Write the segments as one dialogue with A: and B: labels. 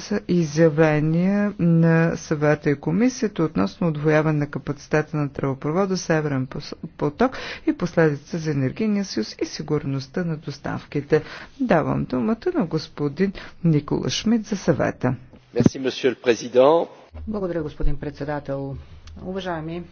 A: са изявления на съвета и комисията относно отвояване на капацитета на тръбопровода Северен поток и последица за енергийния съюз и сигурността на доставките. Давам думата на господин Никола Шмидт за съвета.
B: Благодаря, господин председател. Уважаеми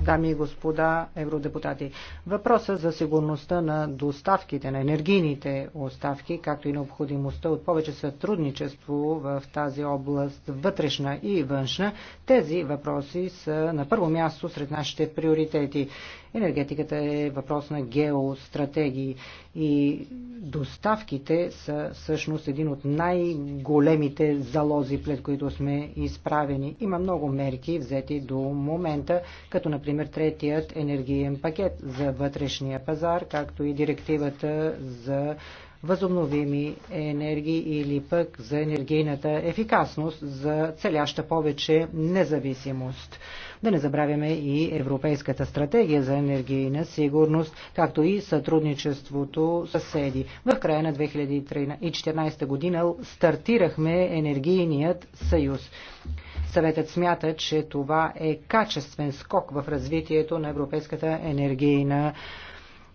B: дами и господа евродепутати, въпросът за сигурността на доставките, на енергийните оставки, както и необходимостта от повече сътрудничество в тази област, вътрешна и външна, тези въпроси са на първо място сред нашите приоритети. Енергетиката е въпрос на геостратегии и доставките са всъщност един от най-големите залози, пред които сме изправени. Има много мерки взети до момента, като например третият енергиен пакет за вътрешния пазар, както и директивата за възобновими енергии или пък за енергийната ефикасност, за целяща повече независимост. Да не забравяме и Европейската стратегия за енергийна сигурност, както и сътрудничеството с съседи. В края на 2014 година стартирахме енергийният съюз. Съветът смята, че това е качествен скок в развитието на европейската енергийна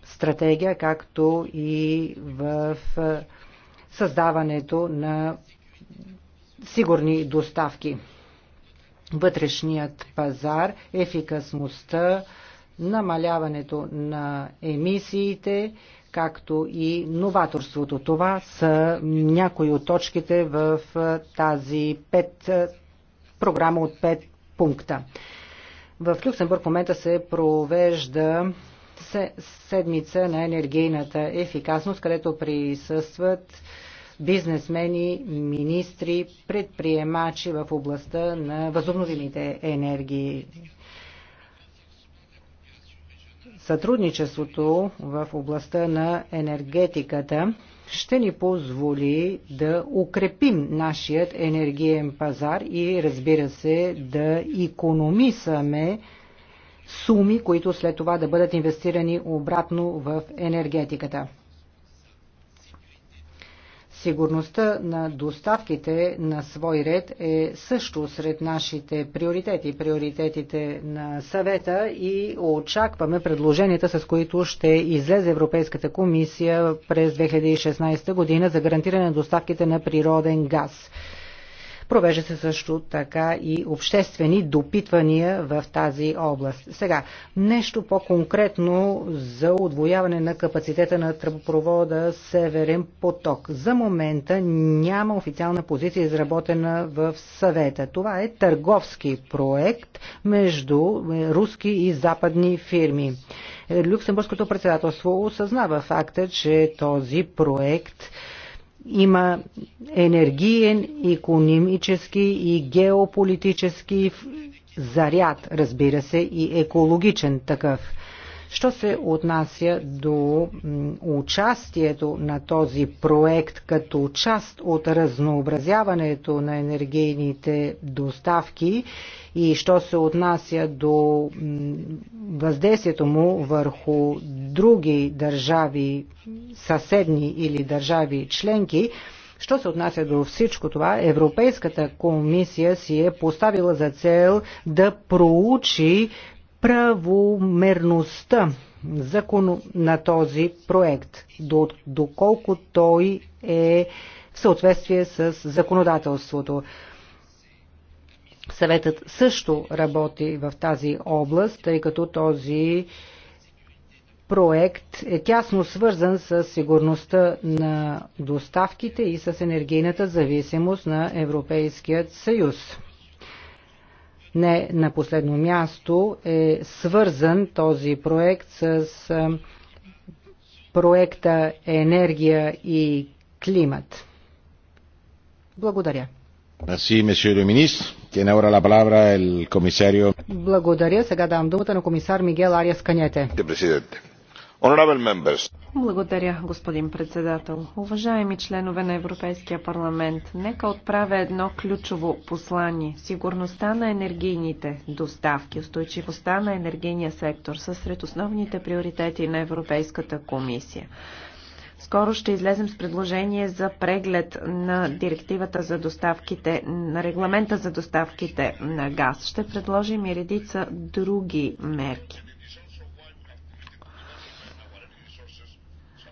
B: стратегия, както и в създаването на сигурни доставки вътрешният пазар, ефикасността, намаляването на емисиите, както и новаторството. Това са някои от точките в тази пет, програма от пет пункта. В Люксембург в момента се провежда седмица на енергийната ефикасност, където присъстват бизнесмени, министри, предприемачи в областта на възобновимите енергии. Сътрудничеството в областта на енергетиката ще ни позволи да укрепим нашият енергиен пазар и разбира се да економисаме суми, които след това да бъдат инвестирани обратно в енергетиката. Сигурността на доставките на свой ред е също сред нашите приоритети, приоритетите на съвета и очакваме предложенията, с които ще излезе Европейската комисия през 2016 година за гарантиране на доставките на природен газ. Провежда се също така и обществени допитвания в тази област. Сега, нещо по-конкретно за отвояване на капацитета на тръбопровода Северен поток. За момента няма официална позиция изработена в съвета. Това е търговски проект между руски и западни фирми. Люксембургското председателство осъзнава факта, че този проект има енергиен, економически и геополитически заряд, разбира се, и екологичен такъв. Що се отнася до участието на този проект като част от разнообразяването на енергийните доставки и що се отнася до въздействието му върху други държави, съседни или държави членки, Що се отнася до всичко това, Европейската комисия си е поставила за цел да проучи правомерността закон на този проект, доколко той е в съответствие с законодателството. Съветът също работи в тази област, тъй като този проект е тясно свързан с сигурността на доставките и с енергийната зависимост на Европейският съюз. Не на последно място е свързан този проект с проекта Енергия и климат. Благодаря. Благодаря. Сега давам думата на комисар Мигел Ариас Канете. Благодаря, господин председател. Уважаеми членове на Европейския парламент, нека
C: отправя едно ключово послание. Сигурността на енергийните доставки, устойчивостта на енергийния сектор са сред основните приоритети на Европейската комисия. Скоро ще излезем с предложение за преглед на директивата за доставките, на регламента за доставките на газ. Ще предложим и редица други мерки.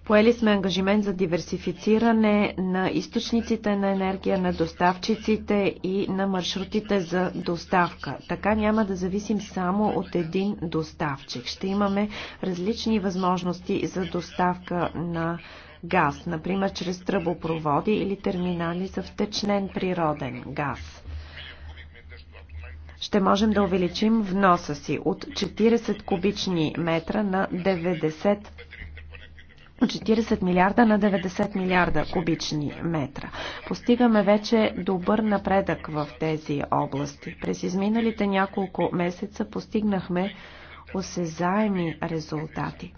C: Поели сме ангажимент за диверсифициране на източниците на енергия, на доставчиците и на маршрутите за доставка. Така няма да зависим само от един доставчик. Ще имаме различни възможности за доставка на газ, например чрез тръбопроводи или терминали за втечнен природен газ ще можем да увеличим вноса си от 40 кубични метра на 90 40 милиарда на 90 милиарда кубични метра. Постигаме вече добър напредък в тези области. През изминалите няколко месеца постигнахме осезаеми резултати.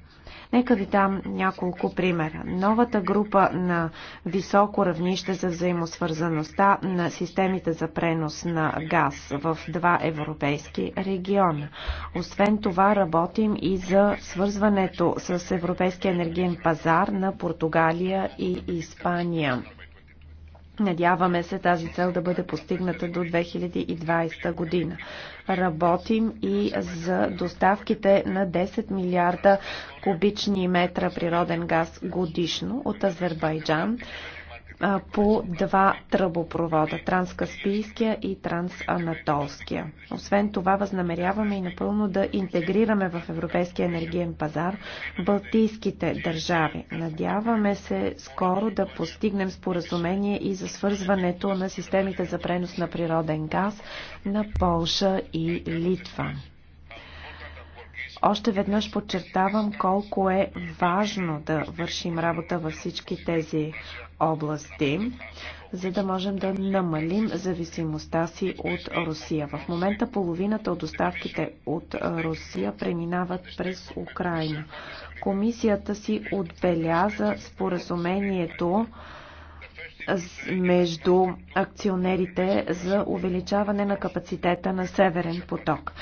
C: Нека ви дам няколко примера. Новата група на високо равнище за взаимосвързаността на системите за пренос на газ в два европейски региона. Освен това работим и за свързването с Европейския енергиен пазар на Португалия и Испания. Надяваме се тази цел да бъде постигната до 2020 година. Работим и за доставките на 10 милиарда кубични метра природен газ годишно от Азербайджан по два тръбопровода транскаспийския и трансанатолския. Освен това, възнамеряваме и напълно да интегрираме в Европейския енергиен пазар балтийските държави. Надяваме се скоро да постигнем споразумение и за свързването на системите за пренос на природен газ на Полша и Литва. Още веднъж подчертавам колко е важно да вършим работа във всички тези области, за да можем да намалим зависимостта си от Русия. В момента половината от доставките от Русия преминават през Украина. Комисията си отбеляза споразумението между акционерите за увеличаване на капацитета на Северен поток.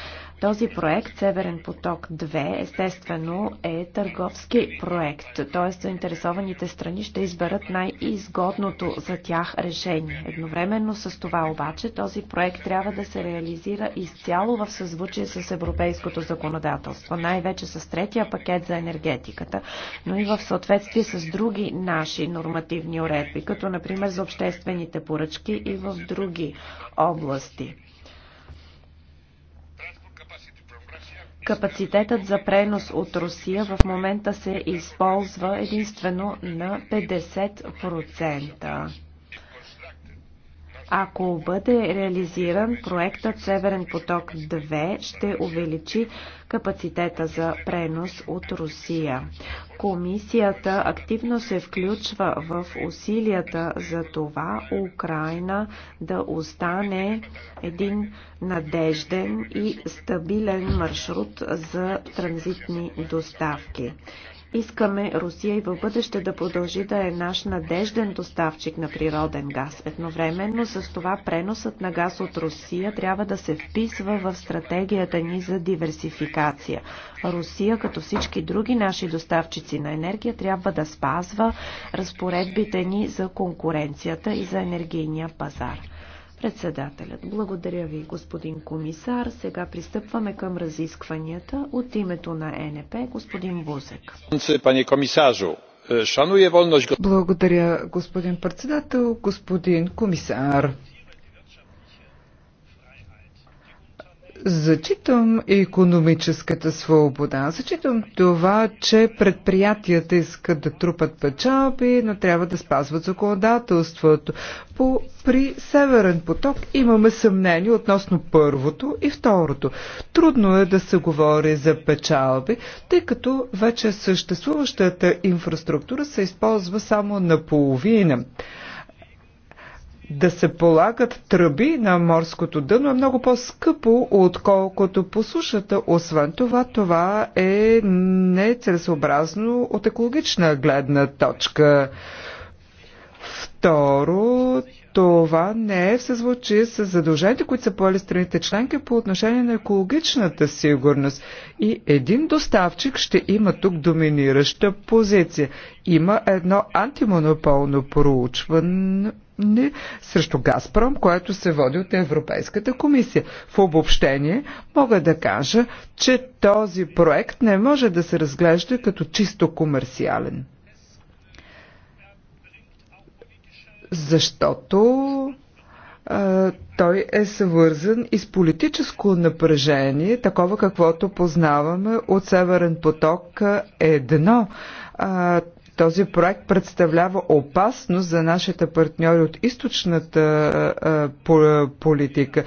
C: Този проект, Северен поток 2, естествено е търговски проект, т.е. заинтересованите страни ще изберат най-изгодното за тях решение. Едновременно с това обаче този проект трябва да се реализира изцяло в съзвучие с европейското законодателство, най-вече с третия пакет за енергетиката, но и в съответствие с други наши нормативни уредби, като например за обществените поръчки и в други области. Капацитетът за пренос от Русия в момента се използва единствено на 50%. Ако бъде реализиран проектът Северен поток 2 ще увеличи капацитета за пренос от Русия. Комисията активно се включва в усилията за това Украина да остане един надежден и стабилен маршрут за транзитни доставки. Искаме Русия и в бъдеще да продължи да е наш надежден доставчик на природен газ. Едновременно с това преносът на газ от Русия трябва да се вписва в стратегията ни за диверсификация. Русия, като всички други наши доставчици на енергия, трябва да спазва разпоредбите ни за конкуренцията и за енергийния пазар. Председателят, благодаря ви, господин комисар. Сега пристъпваме към
A: разискванията от името на НП, господин Бузек.
C: Пане комисажу, шануе волност...
A: Благодаря, господин председател, господин комисар. Зачитам економическата свобода. Зачитам това, че предприятията искат да трупат печалби, но трябва да спазват законодателството. По, при Северен поток имаме съмнение относно първото и второто. Трудно е да се говори за печалби, тъй като вече съществуващата инфраструктура се използва само наполовина да се полагат тръби на морското дъно е много по-скъпо, отколкото по сушата. Освен това, това е нецелесообразно от екологична гледна точка. Второ, това не е в съзвучие с задълженията, които са поели страните членки по отношение на екологичната сигурност. И един доставчик ще има тук доминираща позиция. Има едно антимонополно проучване срещу Газпром, което се води от Европейската комисия. В обобщение мога да кажа, че този проект не може да се разглежда като чисто комерциален. защото а, той е свързан и с политическо напрежение, такова каквото познаваме от Северен поток едно. А, е този проект представлява опасност за нашите партньори от източната политика.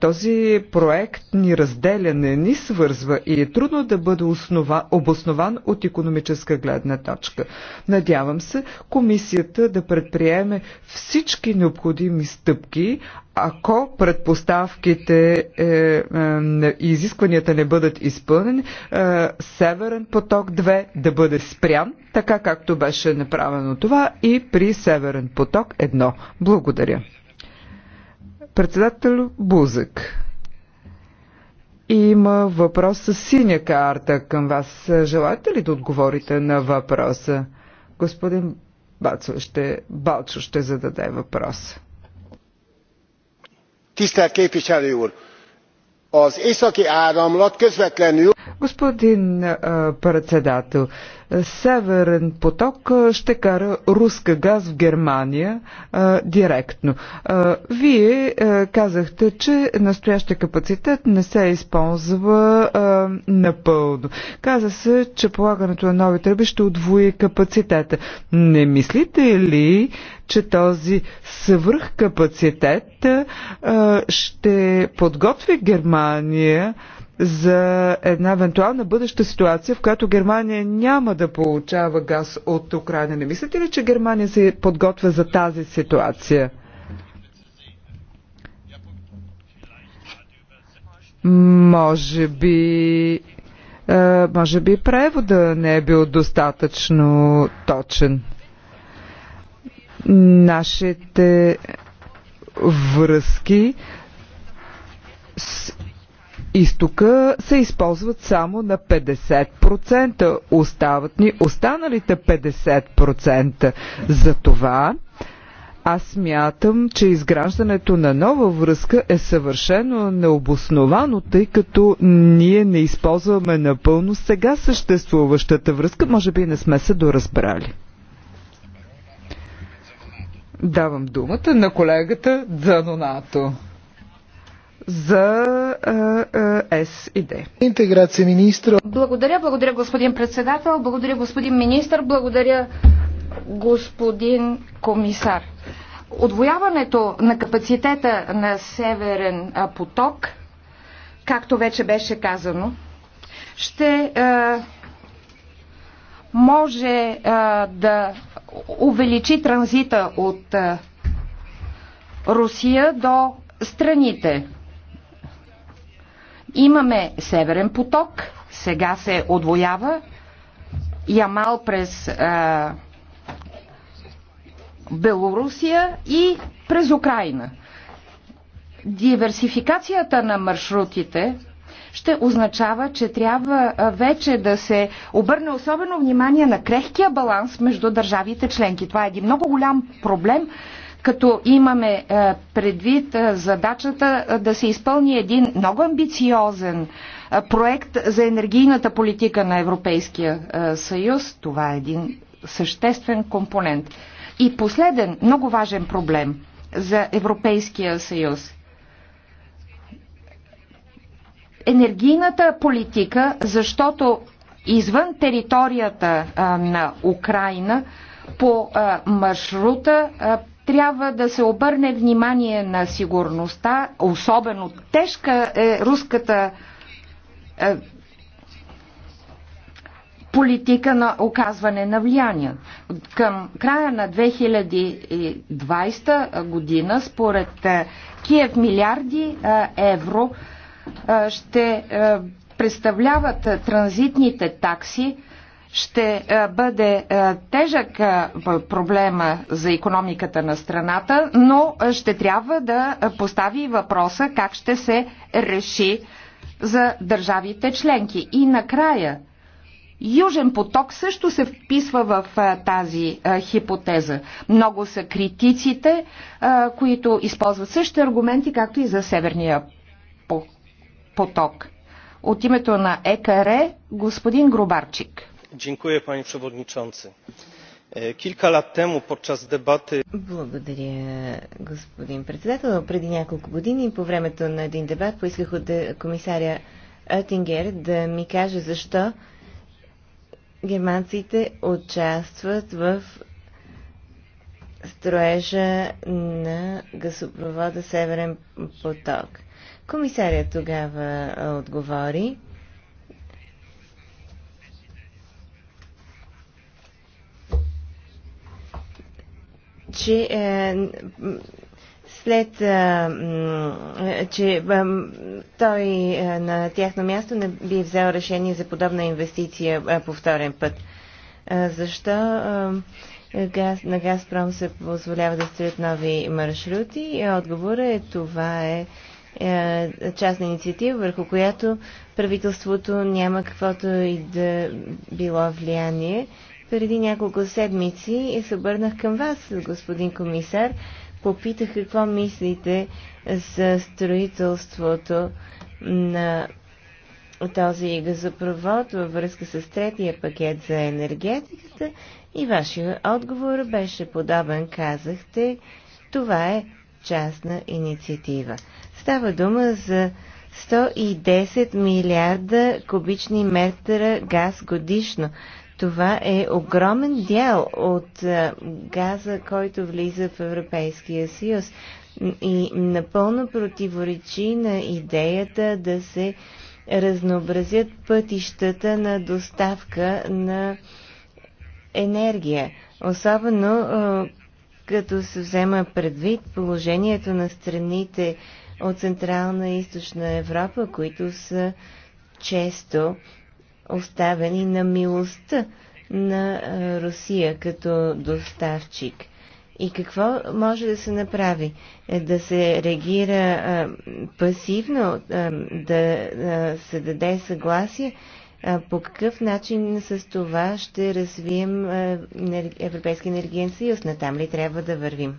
A: Този проект ни разделя, не ни свързва и е трудно да бъде основа, обоснован от економическа гледна точка. Надявам се комисията да предприеме всички необходими стъпки, ако предпоставките и е, е, изискванията не бъдат изпълнени, е, Северен поток 2 да бъде спрян, така както беше направено това и при Северен поток 1. Благодаря. Председател Бузък. Има въпрос с синя карта към вас. Желаете ли да отговорите на въпроса? Господин Бацо ще, Балчо ще зададе въпроса
B: tisztelt képviselő úr!
A: az északi
B: áramlat
A: közvetlenül. Господин председател, Северен поток ще кара руска газ в Германия а, директно. А, вие а, казахте, че настоящия капацитет не се използва а, напълно. Каза се, че полагането на нови тръби ще удвои капацитета. Не мислите ли, че този свръхкапацитет а, ще подготви Германия за една евентуална бъдеща ситуация, в която Германия няма да получава газ от Украина. Не мислите ли, че Германия се подготвя за тази ситуация? Може би, е, може би превода не е бил достатъчно точен. Нашите връзки с изтока се използват само на 50%. Остават ни останалите 50%. За това аз смятам, че изграждането на нова връзка е съвършено необосновано, тъй като ние не използваме напълно сега съществуващата връзка. Може би не сме се доразбрали. Давам думата на колегата Дзанонато за Д. Интеграция министра.
D: Благодаря, благодаря господин председател, благодаря господин министр, благодаря господин комисар. Отвояването на капацитета на Северен поток, както вече беше казано, ще е, може е, да увеличи транзита от е, Русия до страните Имаме Северен поток, сега се отвоява. Ямал през а, Белорусия и през Украина. Диверсификацията на маршрутите ще означава, че трябва вече да се обърне особено внимание на крехкия баланс между държавите членки. Това е един много голям проблем, като имаме е, предвид е, задачата е, да се изпълни един много амбициозен проект за енергийната политика на Европейския съюз. Това е един съществен компонент. И последен, много важен проблем за Европейския съюз. Енергийната политика, защото извън територията на Украина по маршрута трябва да се обърне внимание на сигурността, особено тежка е руската е, политика на оказване на влияние. Към края на 2020 година, според е, Киев милиарди е, евро е, ще представляват транзитните такси ще е, бъде е, тежък е, проблема за економиката на страната, но ще трябва да постави въпроса как ще се реши за държавите членки. И накрая, Южен поток също се вписва в тази хипотеза. Много са критиците, които използват същите аргументи, както и за Северния поток. От името на ЕКР, господин Грубарчик.
B: E,
E: Благодаря, господин председател. Преди няколко години по времето на един дебат поисках от е, комисаря Оттингер да ми каже защо германците участват в строежа на газопровода Северен поток. Комисарят тогава отговори, че е, след е, че е, той на тяхно място не би взел решение за подобна инвестиция по вторен път. защо на Газпром се позволява да строят нови маршрути? Отговорът е това е, частна инициатива, върху която правителството няма каквото и да било влияние. Преди няколко седмици се обърнах към вас, господин комисар. Попитах какво мислите за строителството на този газопровод във връзка с третия пакет за енергетиката и вашия отговор беше подобен, казахте, това е частна инициатива. Става дума за 110 милиарда кубични метра газ годишно. Това е огромен дял от е, газа, който влиза в Европейския съюз и напълно противоречи на идеята да се разнообразят пътищата на доставка на енергия. Особено е, като се взема предвид положението на страните от Централна и Източна Европа, които са често оставени на милостта на Русия като доставчик. И какво може да се направи? Е, да се реагира а, пасивно, а, да а, се даде съгласие? А, по какъв начин с това ще развием а, Европейски енергиен съюз? Натам ли трябва да вървим?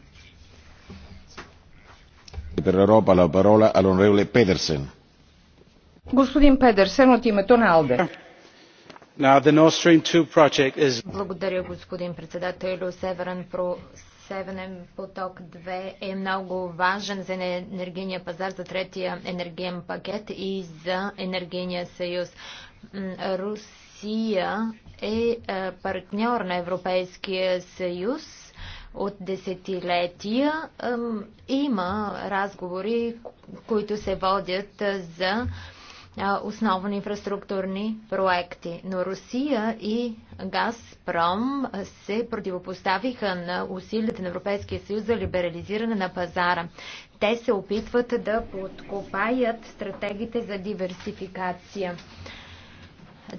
D: Господин Педерсен от името на Алде.
A: Is...
F: Благодаря, господин председател. Северен, про... Северен поток 2 е много важен за енергийния пазар, за третия енергиен пакет и за енергийния съюз. Русия е партньор на Европейския съюз от десетилетия има разговори, които се водят за основни инфраструктурни проекти. Но Русия и Газпром се противопоставиха на усилията на Европейския съюз за либерализиране на пазара. Те се опитват да подкопаят стратегите за диверсификация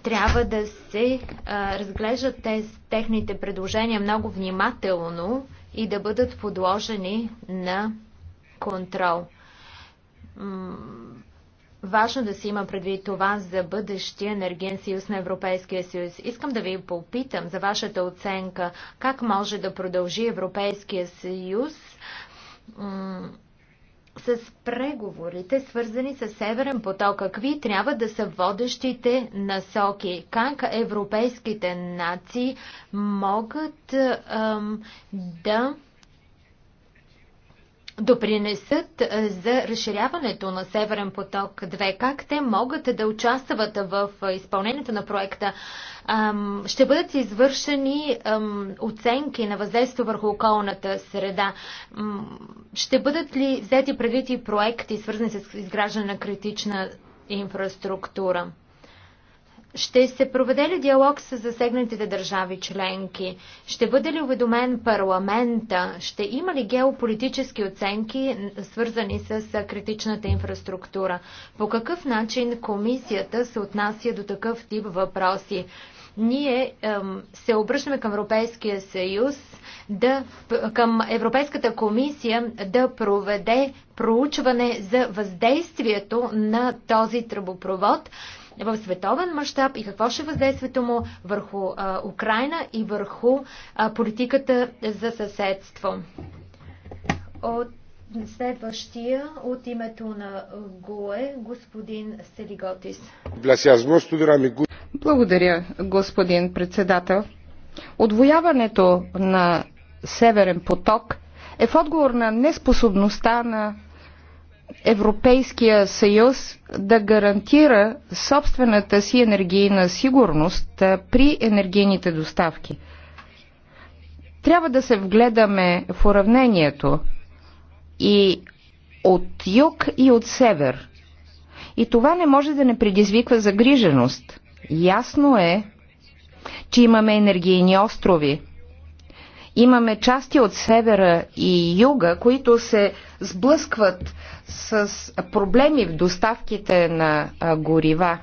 F: трябва да се а, разглеждат те, техните предложения много внимателно и да бъдат подложени на контрол. М Важно да си има предвид това за бъдещия енергиен съюз на Европейския съюз. Искам да ви попитам за вашата оценка как може да продължи Европейския съюз с преговорите, свързани с Северен поток. Какви трябва да са водещите насоки? Как европейските нации могат ам, да допринесат за разширяването на Северен поток 2? Как те могат да участват в изпълнението на проекта? Ще бъдат извършени оценки на въздействие върху околната среда. Ще бъдат ли взети предвид и проекти, свързани с изграждане на критична инфраструктура? Ще се проведе ли диалог с засегнатите държави членки? Ще бъде ли уведомен парламента? Ще има ли геополитически оценки, свързани с критичната инфраструктура? По какъв начин комисията се отнася до такъв тип въпроси? Ние ем, се обръщаме към Европейския съюз, да, към Европейската комисия да проведе проучване за въздействието на този тръбопровод е в световен мащаб и какво ще въздействието му върху а, Украина и върху а, политиката за съседство. От следващия от името на ГОЕ господин Селиготис.
D: Благодаря, господин председател. Отвояването на Северен поток е в отговор на неспособността на Европейския съюз да гарантира собствената си енергийна сигурност при енергийните доставки. Трябва да се вгледаме в уравнението и от юг и от север. И това не може да не предизвиква загриженост. Ясно е, че имаме енергийни острови. Имаме части от севера и юга, които се сблъскват с проблеми в доставките на горива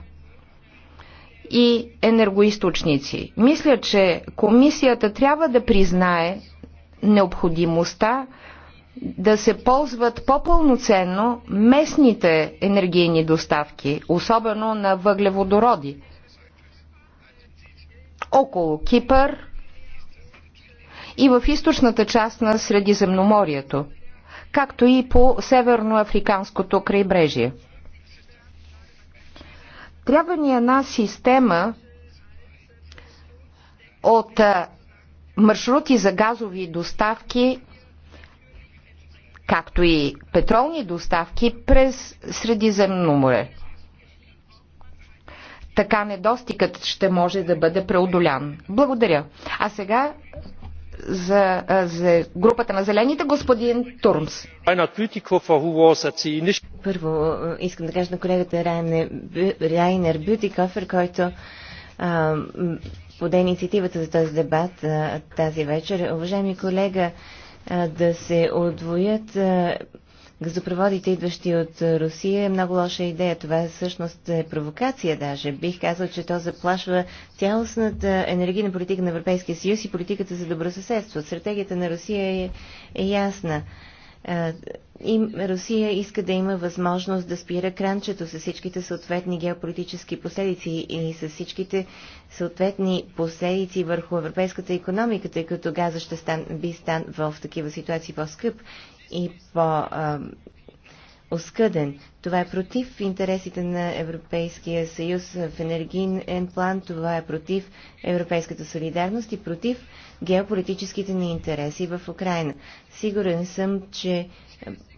D: и енергоисточници. Мисля, че комисията трябва да признае необходимостта да се ползват по-пълноценно местните енергийни доставки, особено на въглеводороди. Около Кипър и в източната част на Средиземноморието – както и по северноафриканското крайбрежие. Трябва ни една система от маршрути за газови доставки, както и петролни доставки през Средиземно море. Така недостигът ще може да бъде преодолян. Благодаря. А сега за, за групата на зелените, господин Турмс.
E: Първо искам да кажа на колегата Райнер, Бютикофер, който а, поде инициативата за този дебат а, тази вечер. Уважаеми колега, а, да се отвоят а, газопроводите, идващи от Русия, е много лоша идея. Това всъщност е провокация даже. Бих казал, че то заплашва цялостната енергийна политика на Европейския съюз и политиката за добросъседство. Стратегията на Русия е, е ясна. И Русия иска да има възможност да спира кранчето с всичките съответни геополитически последици и с всичките съответни последици върху европейската економика, тъй като газа ще стан, би стан в такива ситуации по-скъп и по-оскъден. Това е против интересите на Европейския съюз в енергиен план, това е против европейската солидарност и против геополитическите ни интереси в Украина. Сигурен съм, че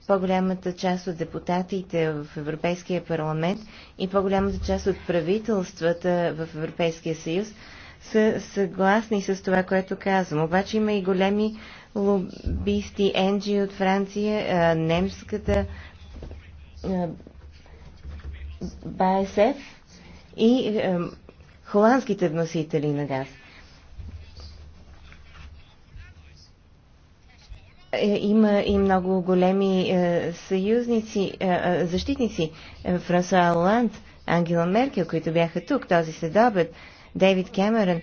E: по-голямата част от депутатите в Европейския парламент и по-голямата част от правителствата в Европейския съюз са съгласни с това, което казвам. Обаче има и големи лобисти, Енджи от Франция, немската БАСФ и холандските вносители на газ. Е, има и много големи съюзници, защитници. Франсуа Оланд, Ангела Меркел, които бяха тук този следобед, Дейвид Кемерън,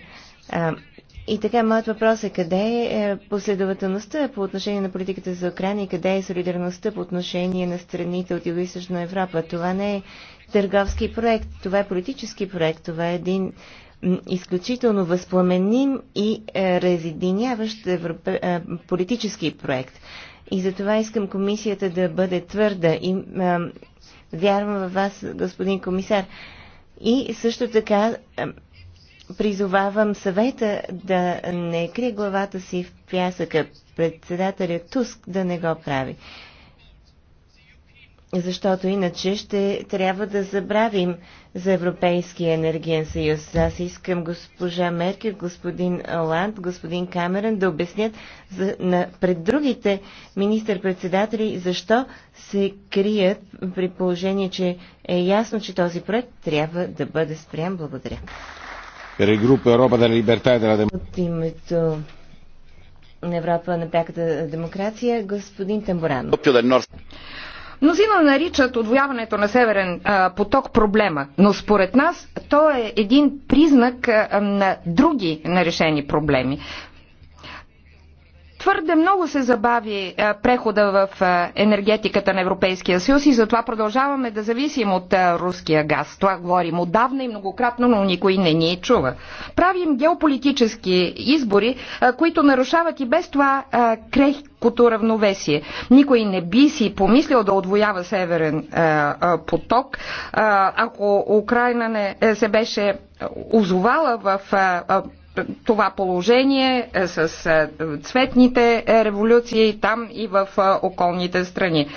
E: и така, моят въпрос е къде е, е последователността по отношение на политиката за Украина и къде е солидарността по отношение на страните от Юго-Источна Европа. Това не е търговски проект, това е политически проект, това е един изключително възпламеним и е, резединяващ европе... Е, политически проект. И затова искам комисията да бъде твърда и а, вярвам във вас, господин комисар. И също така призовавам съвета да не крие главата си в пясъка, председателя Туск да не го прави. Защото иначе ще трябва да забравим за Европейския енергиен съюз. Аз искам госпожа Меркер, господин Оланд, господин Камерън да обяснят за, на, пред другите министър-председатели защо се крият при положение, че е ясно, че този проект трябва да бъде спрям. Благодаря. E От името
D: на Европа на пряката демокрация, господин Тамбурано. Мнозина наричат отвояването на Северен поток проблема, но според нас то е един признак на други нарешени проблеми. Твърде много се забави е, прехода в е, енергетиката на Европейския съюз и затова продължаваме да зависим от е, руския газ. Това говорим отдавна и многократно, но никой не ни чува. Правим геополитически избори, които нарушават и без това крехкото равновесие. Никой не би си помислил да отвоява Северен поток, ако Украина не се беше озовала в това положение е, с е, цветните революции там и в е, околните страни.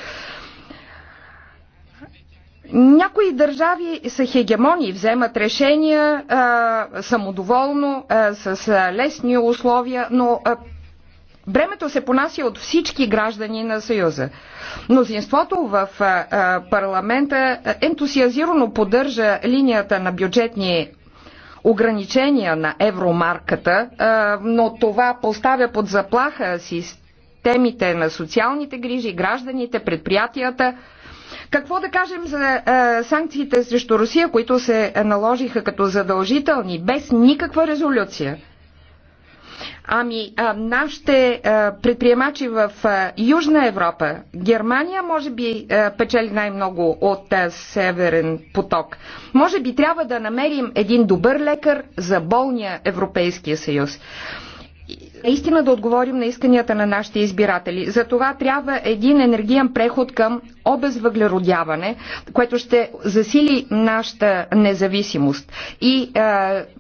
D: Някои държави са хегемони, вземат решения а, самодоволно, а, с а, лесни условия, но а, бремето се понася от всички граждани на Съюза. Мнозинството в а, парламента ентусиазирано поддържа линията на бюджетни ограничения на евромарката, но това поставя под заплаха системите на социалните грижи, гражданите, предприятията. Какво да кажем за санкциите срещу Русия, които се наложиха като задължителни, без никаква резолюция? Ами, а, нашите а, предприемачи в а, Южна Европа, Германия, може би а, печели най-много от а, Северен поток. Може би трябва да намерим един добър лекар за болния Европейския съюз наистина е да отговорим на исканията на нашите избиратели. За това трябва един енергиен преход към обезвъглеродяване, което ще засили нашата независимост и е,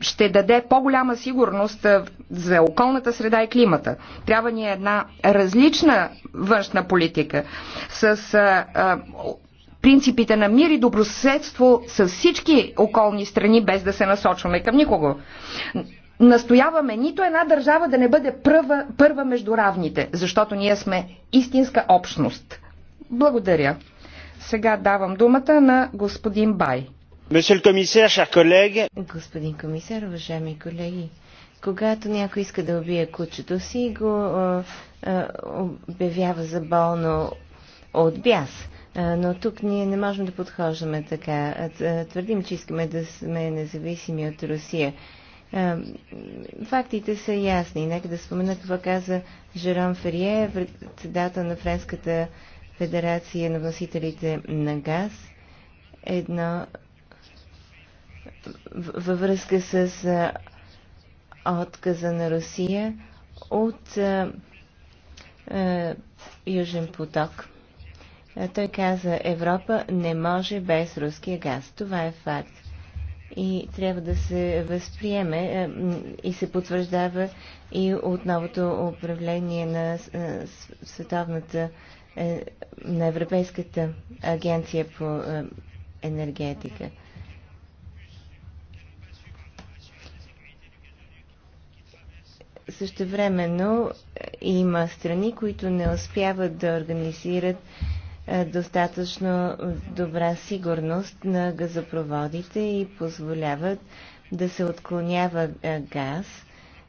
D: ще даде по-голяма сигурност е, за околната среда и климата. Трябва ни една различна външна политика с. Е, е, принципите на мир и добросъседство с всички околни страни, без да се насочваме към никого настояваме нито една държава да не бъде първа, първа между равните, защото ние сме истинска общност. Благодаря. Сега давам думата на господин Бай. Господин комисар, уважаеми колеги, когато някой иска да убие кучето си,
E: го а, а, обявява за болно от бяс. А, но тук ние не можем да подхождаме така. Твърдим, че искаме да сме независими от Русия. Фактите са ясни. Нека да спомена какво каза Жером Ферие, председател на Френската федерация на вносителите на газ. Едно във връзка с отказа на Русия от Южен поток. Той каза, Европа не може без руския газ. Това е факт и трябва да се възприеме е, и се потвърждава и от новото управление на е, Световната е, на Европейската агенция по енергетика. Същевременно има страни, които не успяват да организират е, достатъчно добра сигурност на газопроводите и позволяват да се отклонява е, газ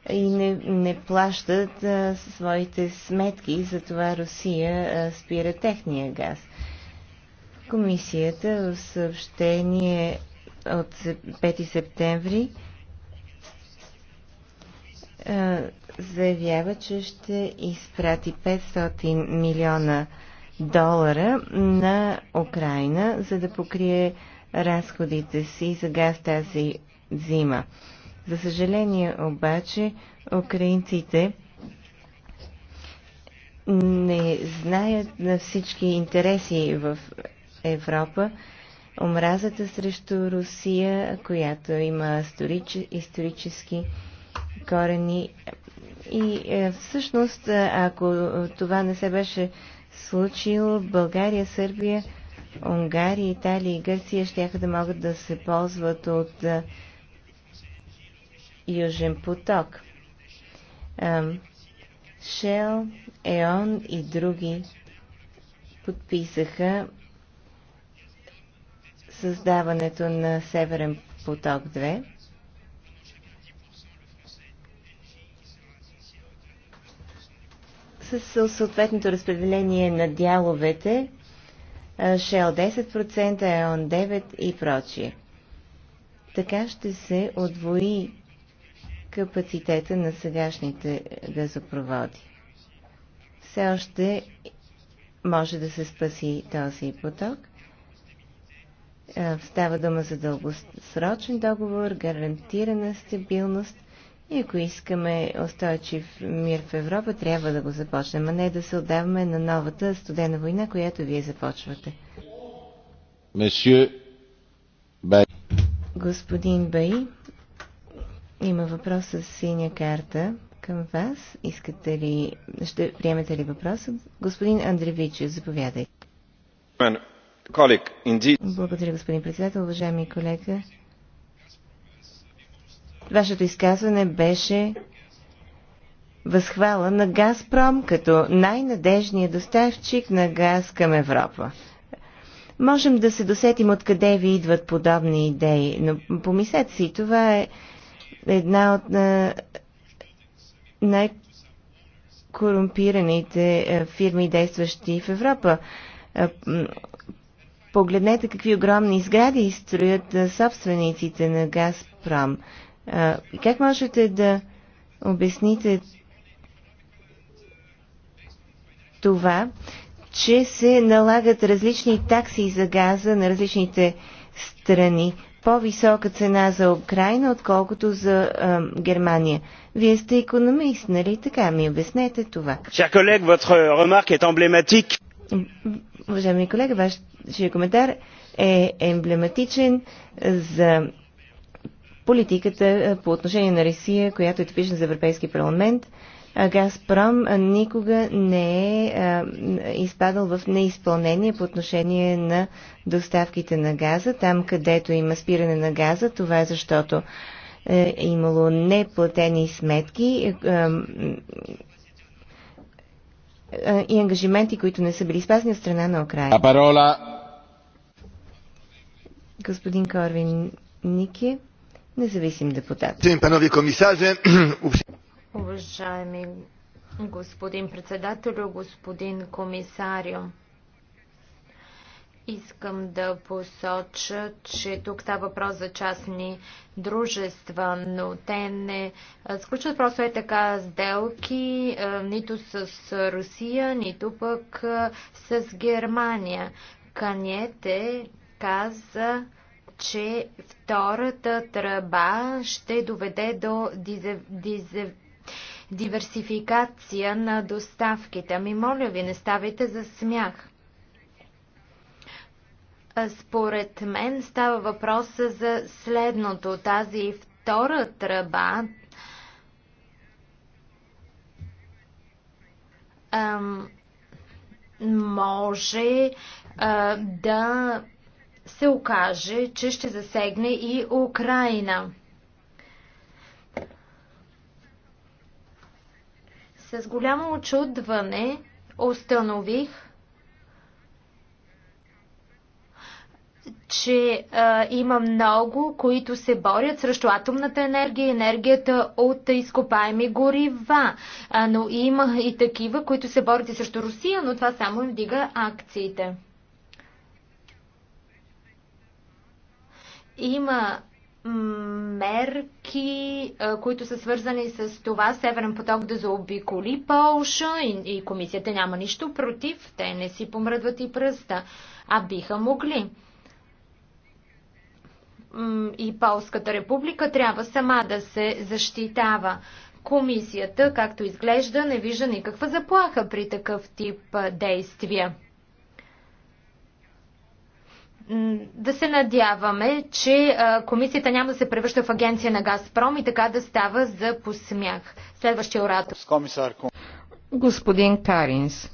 E: и не, не плащат а, е, своите сметки, затова Русия а, спира техния газ. Комисията в съобщение от 5 септември а, заявява, че ще изпрати 500 милиона а, долара на Украина, за да покрие разходите си за газ тази зима. За съжаление обаче, украинците не знаят на всички интереси в Европа. Омразата срещу Русия, която има исторически корени. И е, всъщност, е, ако това не се беше случило, България, Сърбия, Унгария, Италия и Гърция ще да могат да се ползват от Южен поток. Шел, ЕОН и други подписаха създаването на Северен поток 2. с съответното разпределение на дяловете, Shell 10%, EON 9% и прочие. Така ще се отвои капацитета на сегашните газопроводи. Все още може да се спаси този поток. Става дума за дългосрочен договор, гарантирана стабилност и ако искаме устойчив мир в Европа, трябва да го започнем, а не да се отдаваме на новата студена война, която вие започвате.
B: Месье Бай.
E: Господин Бай, има въпрос с синя карта към вас. Искате ли, ще приемете ли въпроса? Господин Андревич, заповядайте. Благодаря, господин председател. Уважаеми колега, вашето изказване беше възхвала на Газпром като най-надежният доставчик на газ към Европа. Можем да се досетим откъде ви идват подобни идеи, но помислете си, това е една от на... най-корумпираните фирми, действащи в Европа. Погледнете какви огромни изгради строят собствениците на Газпром. А, как можете да обясните това, че се налагат различни такси за газа на различните страни? По-висока цена за Украина, отколкото за а, Германия. Вие сте економист, нали така? Ми обяснете това. Уважаеми колега, вашия коментар е емблематичен за политиката е, по отношение на Русия, която е типична за Европейски парламент. Газпром никога не е, е изпадал в неизпълнение по отношение на доставките на газа. Там, където има спиране на газа, това е защото е имало неплатени сметки е, и ангажименти, които не са били спазни от страна на Украина. Господин Корвин Ники независим депутат.
F: Уважаеми господин председател, господин комисарио, Искам да посоча, че тук става въпрос за частни дружества, но те не сключват просто е така сделки нито с Русия, нито пък с Германия. Канете каза, че втората тръба ще доведе до дизев, дизев, диверсификация на доставките. Ами моля ви, не ставайте за смях. Според мен става въпрос за следното. Тази втора тръба ам, може а, да се окаже, че ще засегне и Украина. С голямо очудване установих, че а, има много, които се борят срещу атомната енергия и енергията от изкопаеми горива. А, но има и такива, които се борят и срещу Русия, но това само им вдига акциите. Има мерки, които са свързани с това Северен поток да заобиколи Полша и, и комисията няма нищо против. Те не си помръдват и пръста, а биха могли. И Полската република трябва сама да се защитава. Комисията, както изглежда, не вижда никаква заплаха при такъв тип действия да се надяваме, че комисията няма да се превръща в агенция на Газпром и така да става за посмях. Следващия оратор.
D: Господин Каринс.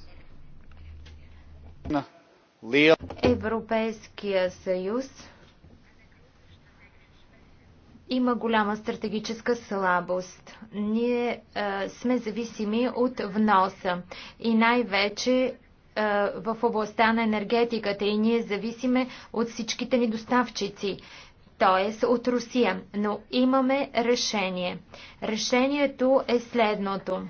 F: Европейския съюз има голяма стратегическа слабост. Ние а, сме зависими от вноса и най-вече е, в областта на енергетиката и ние зависиме от всичките ни доставчици, т.е. от Русия. Но имаме решение. Решението е следното.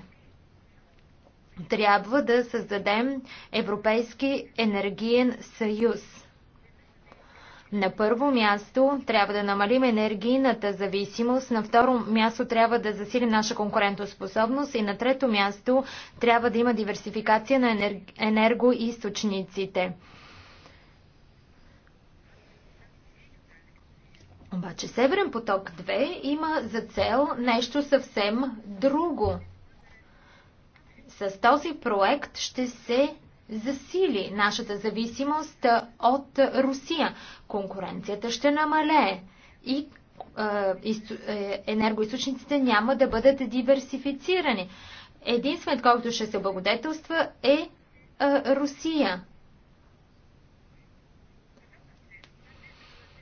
F: Трябва да създадем Европейски енергиен съюз на първо място трябва да намалим енергийната зависимост, на второ място трябва да засилим наша конкурентоспособност и на трето място трябва да има диверсификация на енергоисточниците. Обаче Северен поток 2 има за цел нещо съвсем друго. С този проект ще се засили нашата зависимост от Русия. Конкуренцията ще намалее и е, енергоисточниците няма да бъдат диверсифицирани. Единственият, който ще се благодетелства е Русия.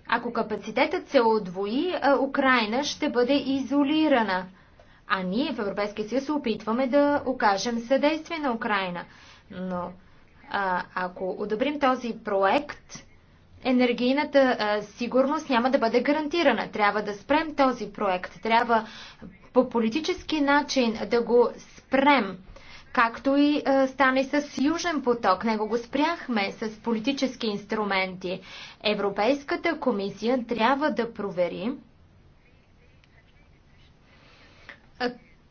F: Ако капацитетът се отвои, Украина ще бъде изолирана. А ние в Европейския съюз опитваме да окажем съдействие на Украина. Но а, ако одобрим този проект, енергийната а, сигурност няма да бъде гарантирана. Трябва да спрем този проект. Трябва по политически начин да го спрем. Както и а, стане с Южен поток, него го спряхме с политически инструменти. Европейската комисия трябва да провери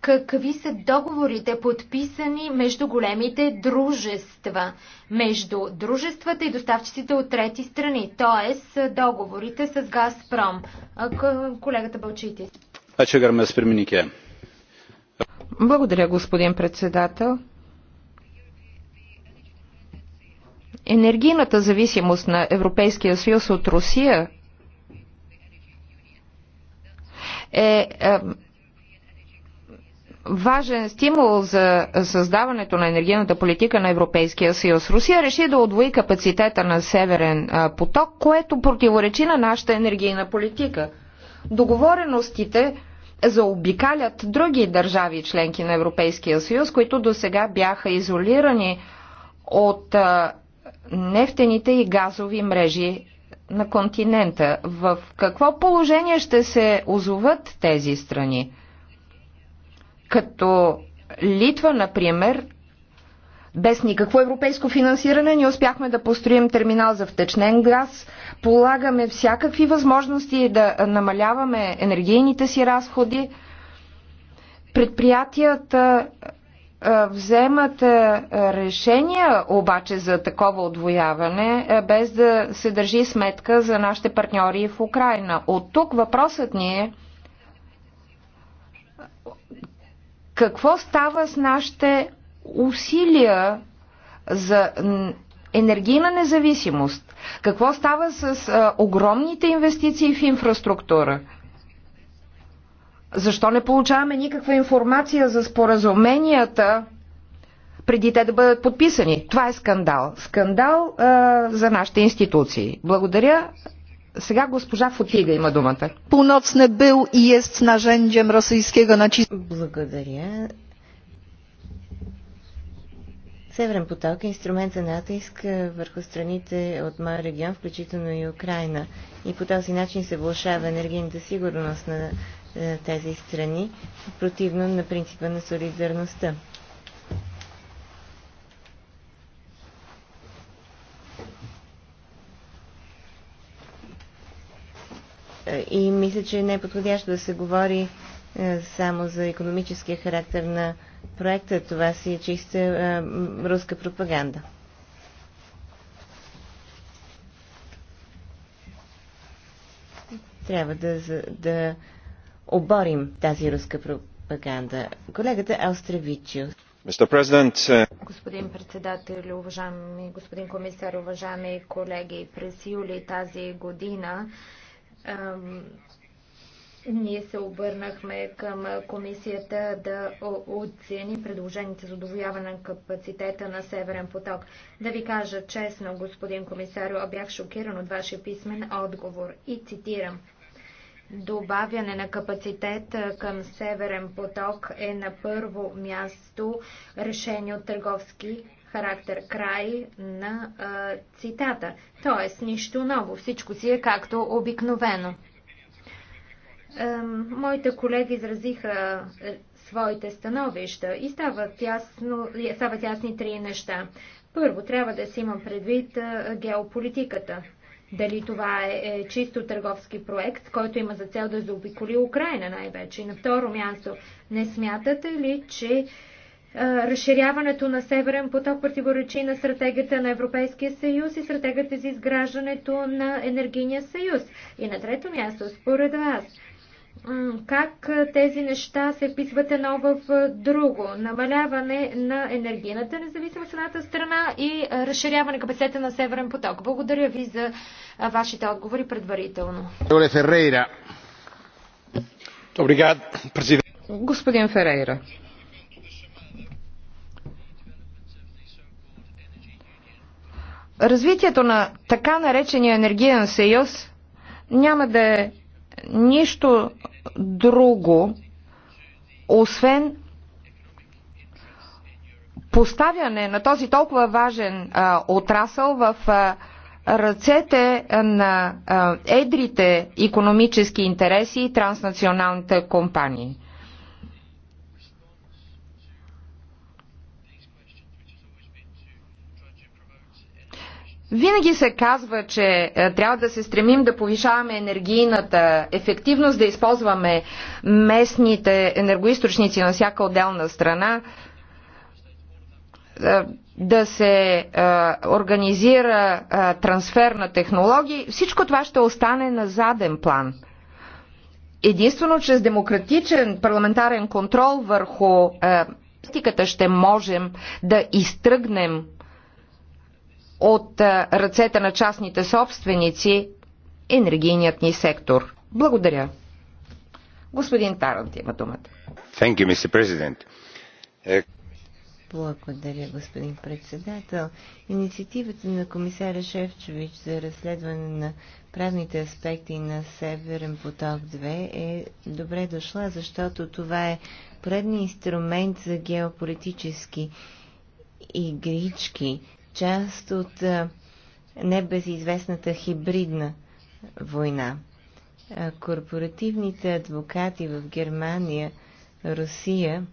F: какви са договорите подписани между големите дружества, между дружествата и доставчиците от трети страни, т.е. договорите с Газпром. Колегата Бълчити.
D: Благодаря, господин председател. Енергийната зависимост на Европейския съюз от Русия е, е важен стимул за създаването на енергийната политика на Европейския съюз. Русия реши да отвои капацитета на Северен поток, което противоречи на нашата енергийна политика. Договореностите заобикалят други държави членки на Европейския съюз, които до сега бяха изолирани от нефтените и газови мрежи на континента. В какво положение ще се озоват тези страни? като Литва, например, без никакво европейско финансиране ние успяхме да построим терминал за втечнен газ, полагаме всякакви възможности да намаляваме енергийните си разходи. Предприятията вземат решения обаче за такова отвояване, без да се държи сметка за нашите партньори в Украина. От тук въпросът ни е Какво става с нашите усилия за енергийна независимост? Какво става с а, огромните инвестиции в инфраструктура? Защо не получаваме никаква информация за споразуменията преди те да бъдат подписани? Това е скандал. Скандал а, за нашите институции. Благодаря. Сега госпожа Фотига има думата. Полноцне бил и jest нажендем rosyjskiego nacisku. Благодаря.
E: Северен поток е инструмент за натиск върху страните от моя регион, включително и Украина. И по този начин се влушава енергийната сигурност на тези страни, противно на принципа на солидарността. И мисля, че не е подходящо да се говори е, само за економическия характер на проекта. Това си е чиста е, руска пропаганда. Трябва да, да оборим тази руска пропаганда. Колегата Аустревичио.
C: Е,
F: господин председател, уважаеми господин комисар, уважаеми колеги, през юли тази година ние се обърнахме към комисията да оцени предложените за удовояване на капацитета на Северен поток. Да ви кажа честно, господин комисар, бях шокиран от вашия писмен отговор и цитирам. Добавяне на капацитет към Северен поток е на първо място решение от търговски характер край на а, цитата. Тоест, нищо ново. Всичко си е както обикновено. Моите колеги изразиха е, своите становища и стават, ясно, е, стават ясни три неща. Първо, трябва да си има предвид е, геополитиката. Дали това е, е чисто търговски проект, който има за цел да заобиколи Украина най-вече. И на второ място, не смятате ли, че Разширяването на Северен поток противоречи на стратегията на Европейския съюз и стратегията за изграждането на енергийния съюз. И на трето място, според вас, как тези неща се вписват едно в друго? Намаляване на енергийната независимост на едната страна и разширяване капацитета на Северен поток. Благодаря ви за вашите отговори предварително.
D: Господин Ферейра. Развитието на така наречения енергиен съюз няма да е нищо друго, освен поставяне на този толкова важен а, отрасъл в а, ръцете на а, едрите економически интереси и транснационалните компании. Винаги се казва, че е, трябва да се стремим да повишаваме енергийната ефективност, да използваме местните енергоисточници на всяка отделна страна, е, да се е, организира трансфер на технологии. Всичко това ще остане на заден план. Единствено чрез демократичен парламентарен контрол върху практиката ще можем да изтръгнем от ръцете на частните собственици енергийният ни сектор. Благодаря. Господин
E: Тарант има думата.
C: Thank you, Mr. President. Е,
E: Благодаря, господин председател. Инициативата на комисаря Шефчович за разследване на правните аспекти на Северен поток 2 е добре дошла, защото това е предни инструмент за геополитически игрички част от небезизвестната хибридна война. Корпоративните адвокати в Германия, Русия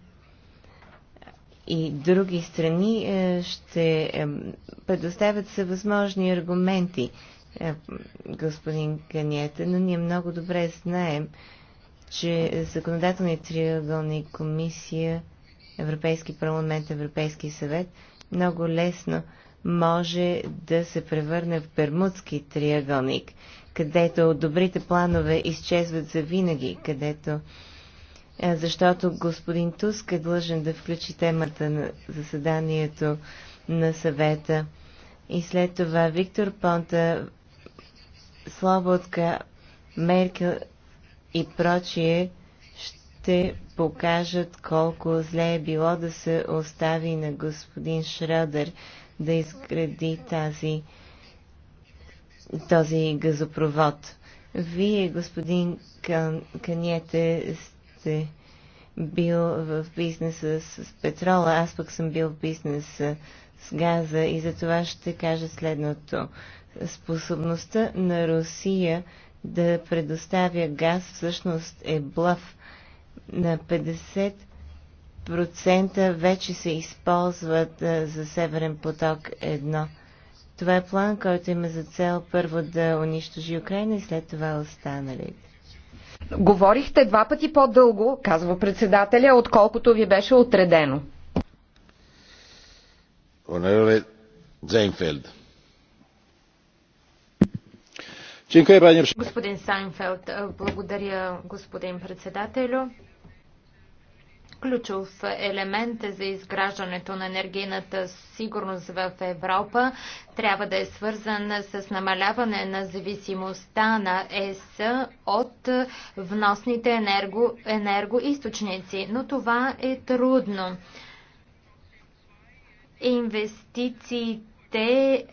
E: и други страни ще предоставят съвъзможни аргументи, господин Каниета, но ние много добре знаем, че законодателният триъгълни комисия, Европейски парламент, Европейски съвет много лесно може да се превърне в Бермудски триъгълник, където добрите планове изчезват за винаги, където е, защото господин Туск е длъжен да включи темата на заседанието на съвета. И след това Виктор Понта, Слободка, Меркел и прочие ще покажат колко зле е било да се остави на господин Шрадър да изгради тази, този газопровод. Вие, господин Каниете, сте бил в бизнеса с петрола, аз пък съм бил в бизнеса с газа и за това ще кажа следното. Способността на Русия да предоставя газ всъщност е блъв. На 50 вече се използват за Северен поток 1. Това е план, който има за цел първо да унищожи Украина и след това останалите.
D: Говорихте два пъти по-дълго, казва председателя, отколкото ви беше отредено.
C: Honorable Зейнфелд.
F: Господин Сайнфелд, благодаря господин председателю ключов елемент за изграждането на енергийната сигурност в Европа трябва да е свързан с намаляване на зависимостта на ЕС от вносните енерго, енергоисточници. Но това е трудно. Инвестициите те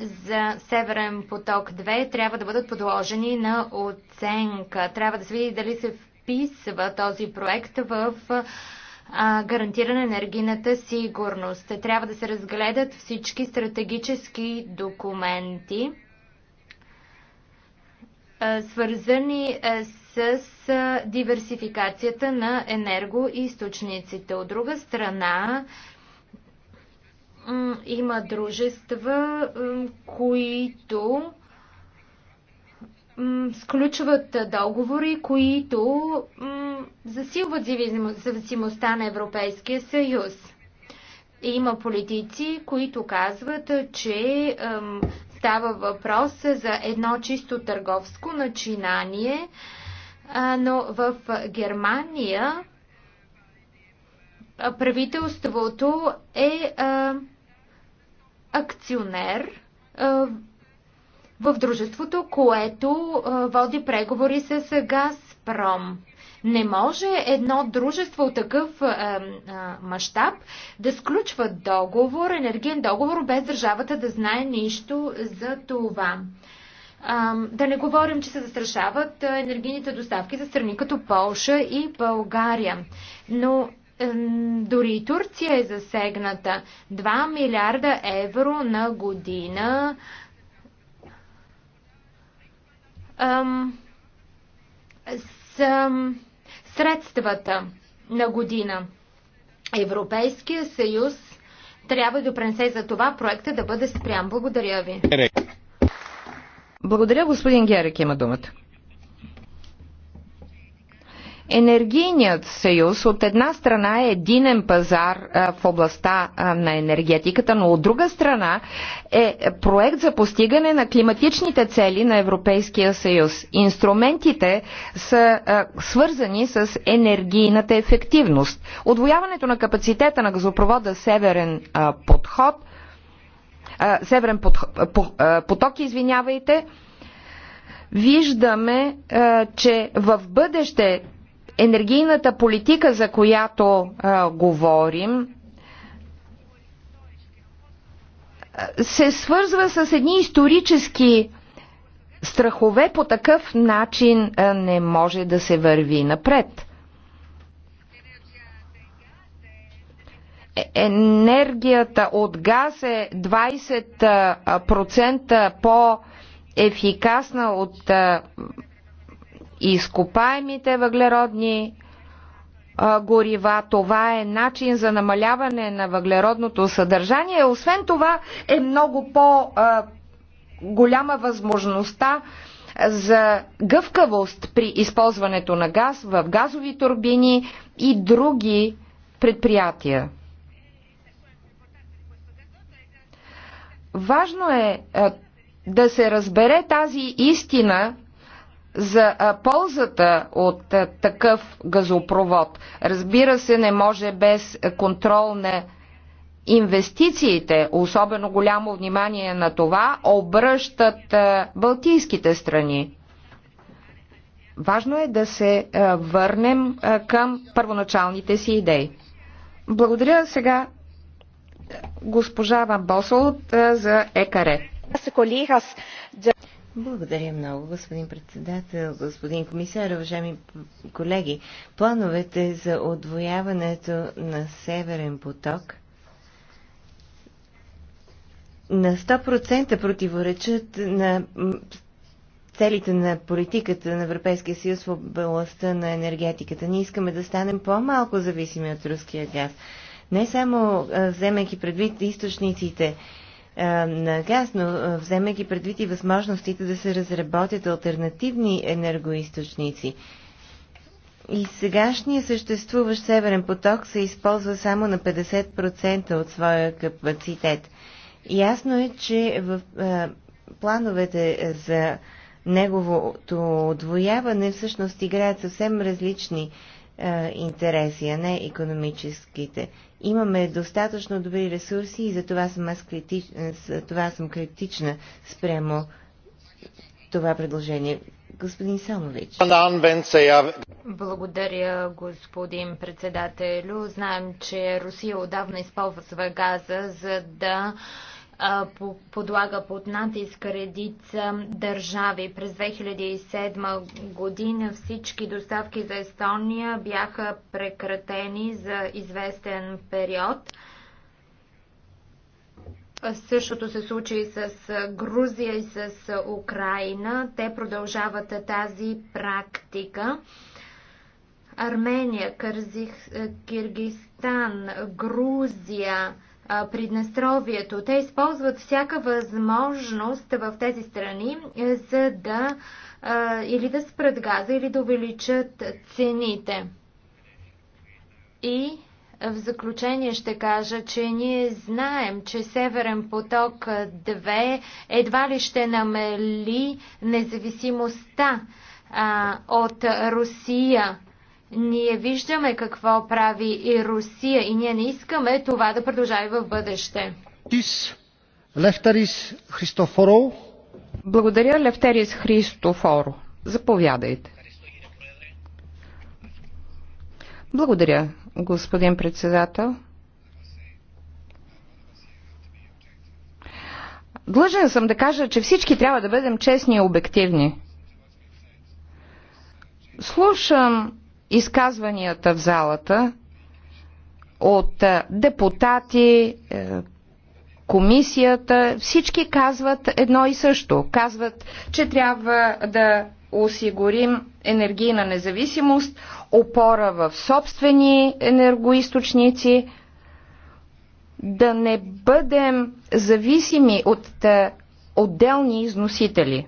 F: за Северен поток 2 трябва да бъдат подложени на оценка. Трябва да се види дали се вписва този проект в гарантиране енергийната сигурност. Трябва да се разгледат всички стратегически документи, свързани с диверсификацията на енергоисточниците. От друга страна, има дружества, които сключват договори, които засилват зависимостта на Европейския съюз. Има политици, които казват, че става въпрос за едно чисто търговско начинание, но в Германия правителството е акционер в дружеството, което води преговори с Газпром. Не може едно дружество от такъв мащаб да сключва договор, енергиен договор, без държавата да знае нищо за това. А, да не говорим, че се застрашават енергийните доставки за страни като Полша и България. Но дори и Турция е засегната. 2 милиарда евро на година с средствата на година. Европейския съюз трябва да пренесе за това проекта да бъде спрям. Благодаря ви.
D: Благодаря, господин Герек има думата. Енергийният съюз от една страна е единен пазар в областта на енергетиката, но от друга страна е проект за постигане на климатичните цели на Европейския съюз. Инструментите са свързани с енергийната ефективност. Отвояването на капацитета на газопровода Северен подход, Северен поток, извинявайте, виждаме, че в бъдеще енергийната политика, за която а, говорим, се свързва с едни исторически страхове, по такъв начин а, не може да се върви напред. Е, енергията от газ е 20% по-ефикасна от изкопаемите въглеродни горива. Това е начин за намаляване на въглеродното съдържание. Освен това е много по-голяма възможността за гъвкавост при използването на газ в газови турбини и други предприятия. Важно е да се разбере тази истина за ползата от такъв газопровод. Разбира се, не може без контрол на инвестициите, особено голямо внимание на това, обръщат балтийските страни. Важно е да се върнем към първоначалните си идеи. Благодаря сега госпожа Ван Босол за ЕКАРЕ.
E: Благодаря много, господин председател, господин комисар, уважаеми колеги. Плановете за отвояването на Северен поток на 100% противоречат на целите на политиката на Европейския съюз в областта на енергетиката. Ние искаме да станем по-малко зависими от руския газ. Не само вземайки предвид източниците на газ, но вземайки предвид и възможностите да се разработят альтернативни енергоисточници. И сегашният съществуващ Северен поток се използва само на 50% от своя капацитет. Ясно е, че в а, плановете за неговото отвояване всъщност играят съвсем различни а, интереси, а не економическите. Имаме достатъчно добри ресурси и за това съм, аз критич... за това съм критична спрямо това предложение. Господин Самович.
F: Благодаря, господин председателю. Знаем, че Русия отдавна използва газа, за да подлага под натиск редица държави. През 2007 година всички доставки за Естония бяха прекратени за известен период. Същото се случи и с Грузия и с Украина. Те продължават тази практика. Армения, Киргизстан, Грузия, Приднестровието. Те използват всяка възможност в тези страни, е, за да или да спрат газа, или да увеличат цените. И в заключение ще кажа, че ние знаем, че Северен поток 2 едва ли ще намали независимостта от Русия. Ние виждаме какво прави и Русия и ние не искаме това да продължава в бъдеще.
B: Лефтерис Христофоро.
D: Благодаря, Лефтерис Христофоро. Заповядайте. Благодаря, господин председател. Длъжен съм да кажа, че всички трябва да бъдем честни и обективни. Слушам изказванията в залата от е, депутати, е, комисията, всички казват едно и също. Казват, че трябва да осигурим енергийна независимост, опора в собствени енергоисточници, да не бъдем зависими от е, отделни износители.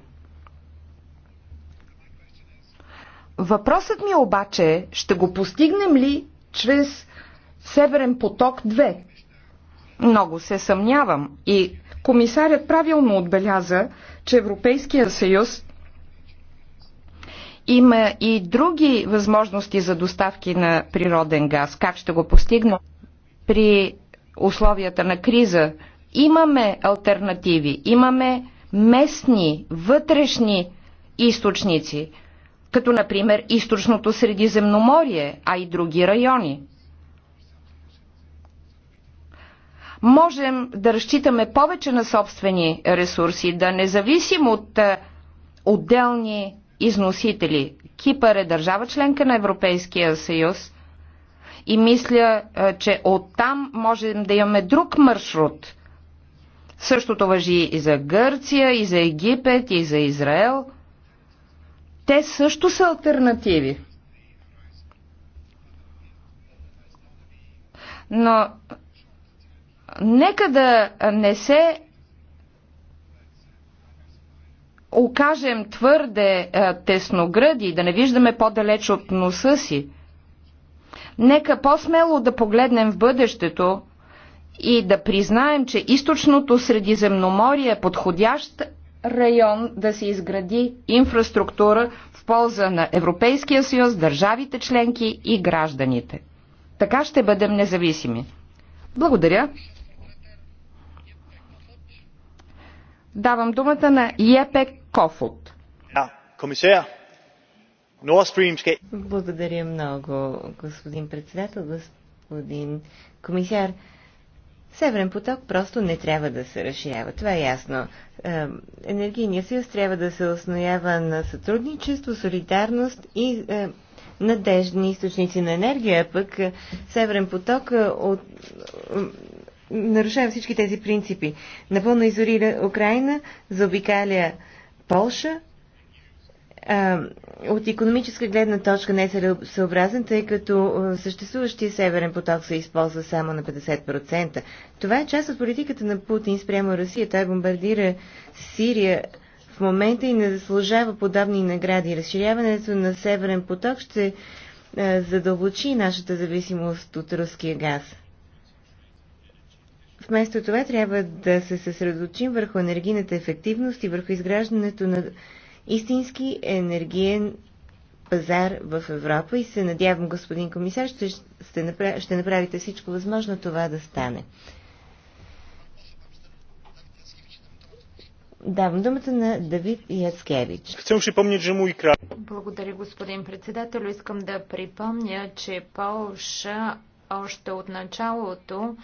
D: Въпросът ми е обаче е, ще го постигнем ли чрез Северен поток 2? Много се съмнявам и комисарят правилно отбеляза, че Европейския съюз има и други възможности за доставки на природен газ. Как ще го постигнем при условията на криза? Имаме альтернативи, имаме местни, вътрешни източници като например източното Средиземноморие, а и други райони. Можем да разчитаме повече на собствени ресурси, да не зависим от е, отделни износители. Кипър е държава членка на Европейския съюз и мисля, е, че оттам можем да имаме друг маршрут. Същото въжи и за Гърция, и за Египет, и за Израел. Те също са альтернативи. Но нека да не се окажем твърде а, е, тесногради, да не виждаме по-далеч от носа си. Нека по-смело да погледнем в бъдещето и да признаем, че източното Средиземноморие е подходящ район да се изгради инфраструктура в полза на Европейския съюз, държавите членки и гражданите. Така ще бъдем независими. Благодаря. Давам думата на Епе Кофут. Благодаря
E: много, господин председател, господин комисар. Северен поток просто не трябва да се разширява. Това е ясно. Енергийният съюз трябва да се основява на сътрудничество, солидарност и надеждни източници на енергия, пък е, Северен поток е, от... нарушава всички тези принципи. Напълно изорира Украина, заобикаля Полша, от економическа гледна точка не е съобразен, тъй като съществуващия Северен поток се използва само на 50%. Това е част от политиката на Путин спрямо Русия. Той бомбардира Сирия в момента и не заслужава подобни награди. Разширяването на Северен поток ще задълбочи нашата зависимост от руския газ. Вместо това трябва да се съсредоточим върху енергийната ефективност и върху изграждането на истински енергиен пазар в Европа и се надявам, господин комисар, ще, ще, направ, ще направите всичко възможно това да стане. Давам думата на Давид
B: Яцкевич.
F: Благодаря, господин председател. Искам да припомня, че Полша още от началото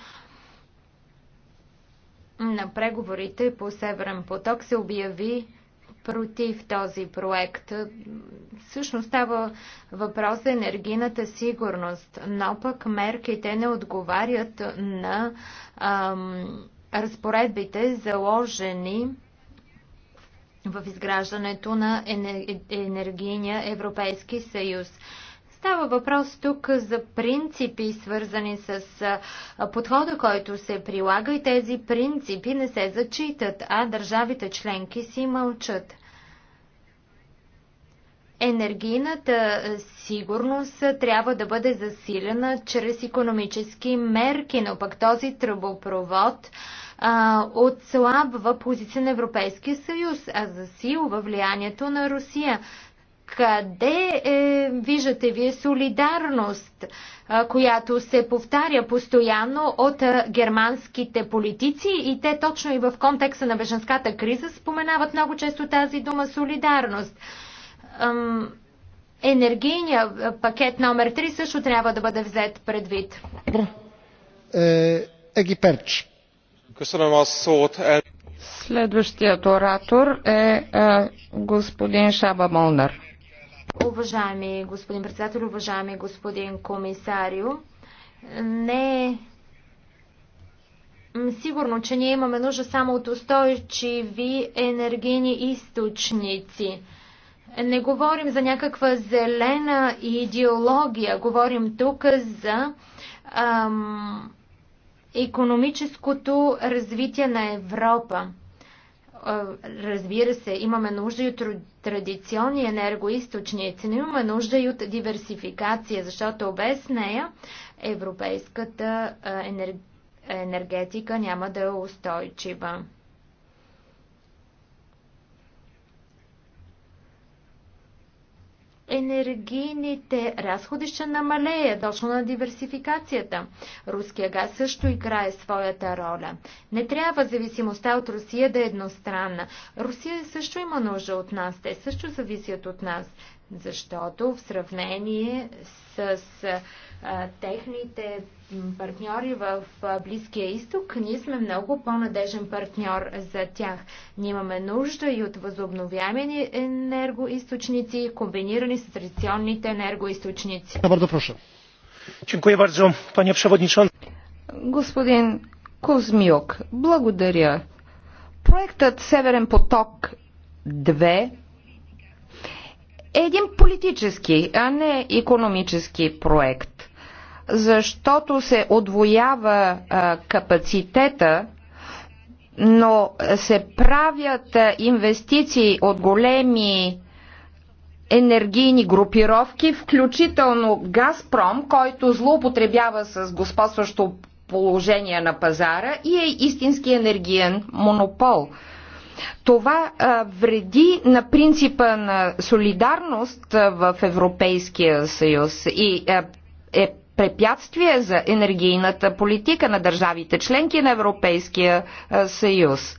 F: на преговорите по Северен поток се обяви против този проект. Всъщност става въпрос за енергийната сигурност, но пък мерките не отговарят на ам, разпоредбите заложени в изграждането на енергийния Европейски съюз. Става въпрос тук за принципи, свързани с подхода, който се прилага и тези принципи не се зачитат, а държавите членки си мълчат. Енергийната е, сигурност е, трябва да бъде засилена чрез економически мерки, но пък този тръбопровод а, е, отслабва позиция на Европейския съюз, а засилва влиянието на Русия. Къде е, виждате вие солидарност, а, която се повтаря постоянно от а, германските политици и те точно и в контекста на беженската криза споменават много често тази дума солидарност енергийния пакет номер 3 също трябва да бъде взет предвид.
B: Е, Египерч. Е-
F: Следващият
B: оратор е,
F: е
D: господин Шаба Молнар.
F: Уважаеми господин председател, уважаеми господин комисарио, не е сигурно, че ние имаме нужда само от устойчиви енергийни източници. Не говорим за някаква зелена идеология, говорим тук за ам, економическото развитие на Европа. Разбира се, имаме нужда и от традиционни енергоисточници, но имаме нужда и от диверсификация, защото без нея европейската енергетика няма да е устойчива. енергийните разходи ще намалее точно на диверсификацията. Руския газ също играе своята роля. Не трябва зависимостта от Русия да е едностранна. Русия също има нужда от нас. Те също зависят от нас, защото в сравнение с техните партньори в Близкия изток, ние сме много по-надежен партньор за тях. Ние имаме нужда и от възобновяеми енергоисточници, комбинирани с традиционните енергоисточници. Господин
D: Кузмиок, благодаря. Проектът Северен поток 2 е един политически, а не економически проект защото се отвоява капацитета, но се правят инвестиции от големи енергийни групировки, включително Газпром, който злоупотребява с господстващо положение на пазара и е истински енергиен монопол. Това а, вреди на принципа на солидарност а, в Европейския съюз и а, е препятствие за енергийната политика на държавите членки на Европейския е, съюз.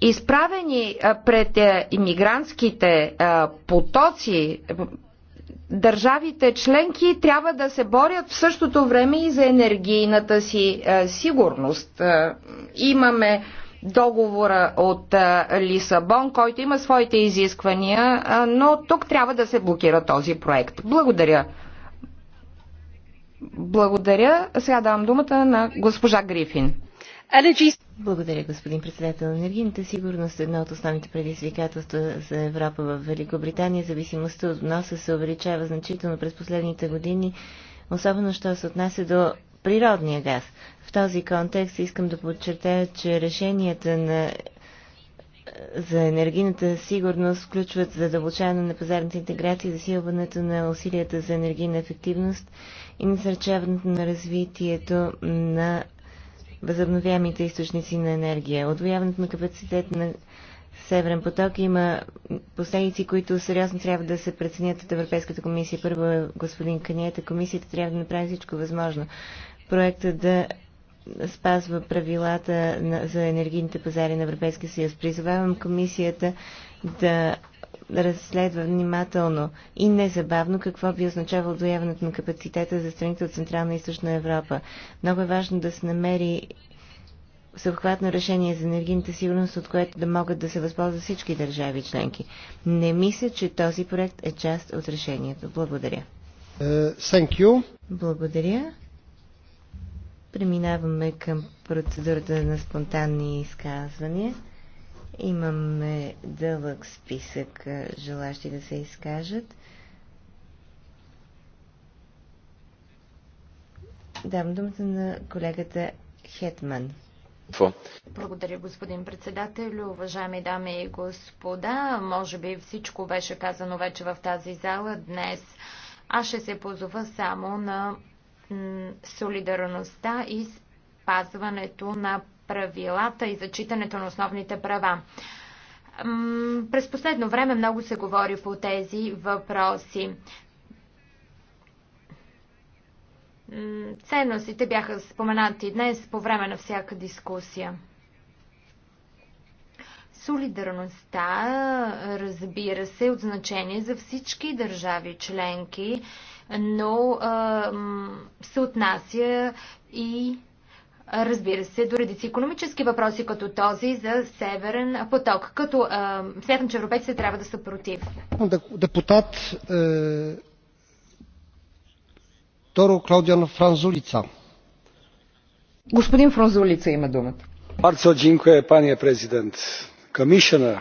D: Изправени е, пред е, иммигрантските потоци, държавите членки трябва да се борят в същото време и за енергийната си сигурност. Имаме договора от Лисабон, който има своите изисквания, но тук трябва да се блокира този проект. Благодаря. Благодаря. Сега давам думата на госпожа Грифин. Благодаря, господин председател. Енергийната
E: сигурност е едно от основните предизвикателства за Европа в Великобритания. Зависимостта от вноса се увеличава значително през последните години, особено що се отнася до природния газ този контекст искам да подчертая, че решенията на за енергийната сигурност включват задълбочаване на пазарната интеграция, засилването на усилията за енергийна ефективност и насърчаването на развитието на възобновяемите източници на енергия. Отвояването на капацитет на Северен поток има последици, които сериозно трябва да се преценят от Европейската комисия. Първо, господин Каниета, комисията трябва да направи всичко възможно проекта да спазва правилата за енергийните пазари на Европейския съюз. Призовавам комисията да разследва внимателно и незабавно какво би означавало дояването на капацитета за страните от Централна и Източна Европа. Много е важно да се намери съвхватно решение за енергийната сигурност, от което да могат да се възползват всички държави членки. Не мисля, че този проект е част от решението. Благодаря.
B: Uh, Благодаря.
E: Преминаваме към процедурата на спонтанни изказвания. Имаме дълъг списък желащи да се изкажат. Давам думата на колегата Хетман.
F: Благодаря, господин председател. Уважаеми дами и господа, може би всичко беше казано вече в тази зала днес. Аз ще се позова само на солидарността и спазването на правилата и зачитането на основните права. През последно време много се говори по тези въпроси. Ценностите бяха споменати днес по време на всяка дискусия. Солидарността, разбира се, е от значение за всички държави членки но а, се отнася и разбира се, до редици економически въпроси, като този за Северен поток, като а, смятам, че европейците трябва да са против.
B: Депутат е... Торо Клаудиан Франзулица.
D: Господин Франзулица има думата.
A: Bardzo dziękuję, пания президент. Commissioner,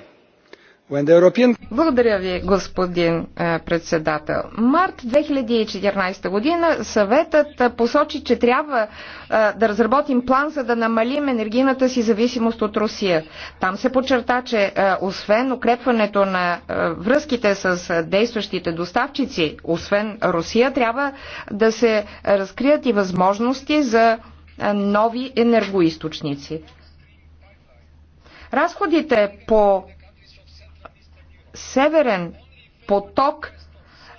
D: благодаря ви, господин е, председател. Март 2014 година съветът е, посочи, че трябва е, да разработим план, за да намалим енергийната си зависимост от Русия. Там се подчерта, че освен укрепването на връзките с действащите доставчици, освен Русия, трябва да се разкрият и възможности за нови енергоисточници. Разходите по Северен поток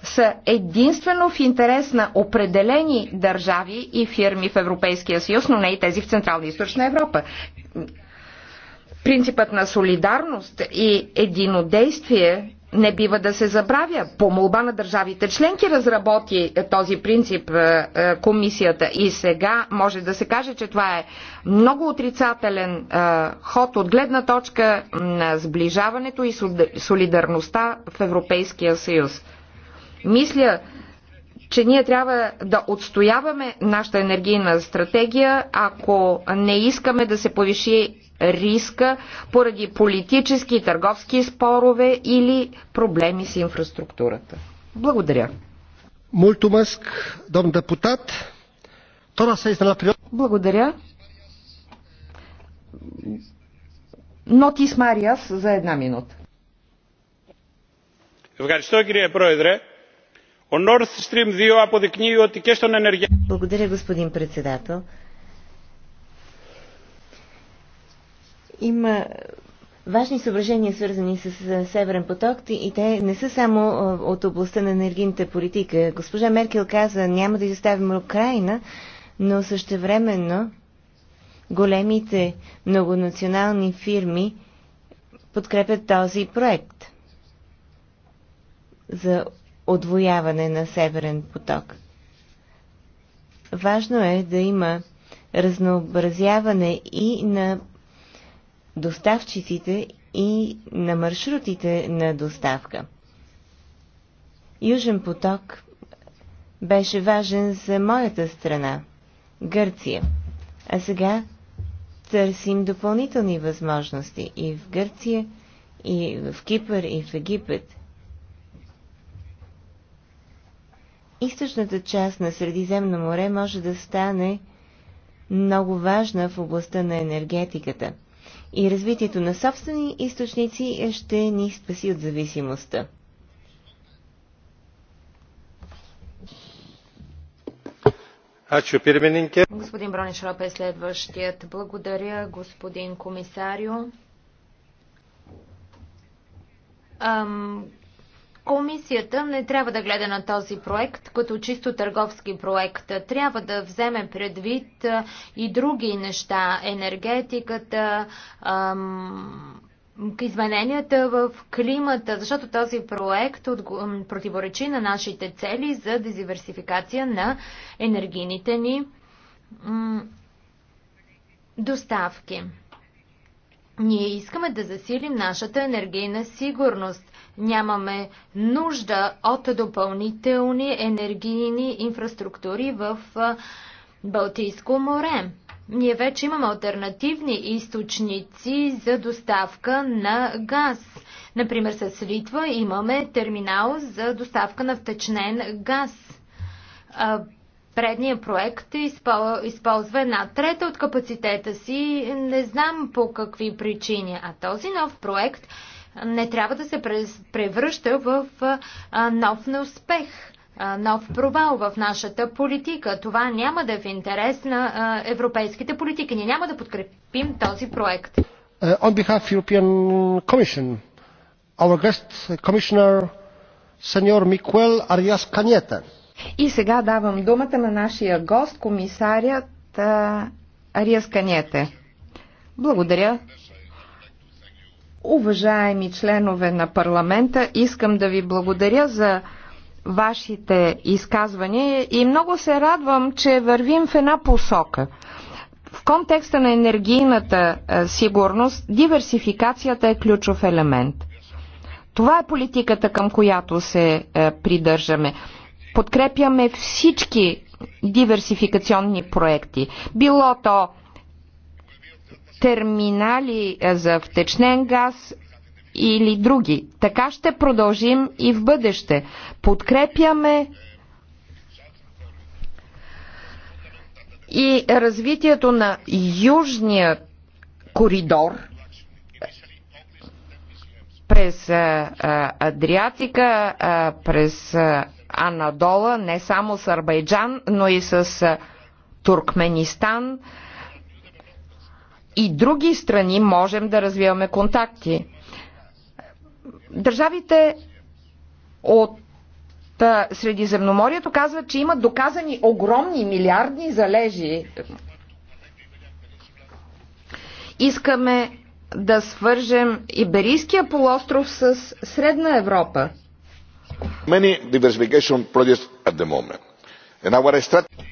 D: са единствено в интерес на определени държави и фирми в Европейския съюз, но не и тези в Централна и Източна Европа. Принципът на солидарност и единодействие не бива да се забравя. По молба на държавите членки разработи е, този принцип е, е, комисията и сега може да се каже, че това е много отрицателен ход от гледна точка на сближаването и солидарността в Европейския съюз. Мисля, че ние трябва да отстояваме нашата енергийна стратегия, ако не искаме да се повиши риска поради политически и търговски спорове или проблеми с инфраструктурата.
B: Благодаря. Мултумаск, дом депутат.
D: Благодаря. Нотис Мариас за една минута.
A: Ευχαριστώ κύριε Πρόεδρε. Ο Nord Stream 2 αποδεικνύει ότι και στον ενεργειακό... Благодаря
E: господин председател. Има важни съображения, свързани с е, Северен поток, и те не са само е, от областта на енергийната политика. Госпожа Меркел каза, няма да изоставим Украина, но същевременно големите многонационални фирми подкрепят този проект за отвояване на Северен поток. Важно е да има разнообразяване и на доставчиците и на маршрутите на доставка. Южен поток беше важен за моята страна – Гърция. А сега търсим допълнителни възможности и в Гърция, и в Кипър, и в Египет. Източната част на Средиземно море може да стане много важна в областта на енергетиката – и развитието на собствени източници ще ни спаси от зависимостта.
B: Господин
F: Шроп, е следващият. Благодаря, господин комисарио. Комисията не трябва да гледа на този проект като чисто търговски проект. Трябва да вземе предвид и други неща. Енергетиката, измененията в климата, защото този проект противоречи на нашите цели за дезиверсификация на енергийните ни доставки. Ние искаме да засилим нашата енергийна сигурност. Нямаме нужда от допълнителни енергийни инфраструктури в Балтийско море. Ние вече имаме альтернативни източници за доставка на газ. Например, с Литва имаме терминал за доставка на втечнен газ. Предният проект използва една трета от капацитета си, не знам по какви причини, а този нов проект – не трябва да се превръща в нов неуспех нов провал в нашата политика. Това няма да е в интерес на европейските политики. Ние няма да подкрепим този проект.
B: Uh, on behalf of European Commission, our guest uh, commissioner, сеньор Miquel Arias Каньета.
D: И сега давам думата на нашия гост, комисарят Ариас Каньете. Благодаря, Уважаеми членове на парламента, искам да ви благодаря за вашите изказвания и много се радвам, че вървим в една посока. В контекста на енергийната е, сигурност, диверсификацията е ключов елемент. Това е политиката, към която се е, придържаме. Подкрепяме всички диверсификационни проекти. Било то терминали за втечнен газ или други. Така ще продължим и в бъдеще. Подкрепяме и развитието на Южния коридор през Адриатика, през Анадола, не само с Арбайджан, но и с Туркменистан, и други страни можем да развиваме контакти. Държавите от Средиземноморието казват, че имат доказани огромни милиардни залежи. Искаме да свържем Иберийския полуостров с Средна Европа.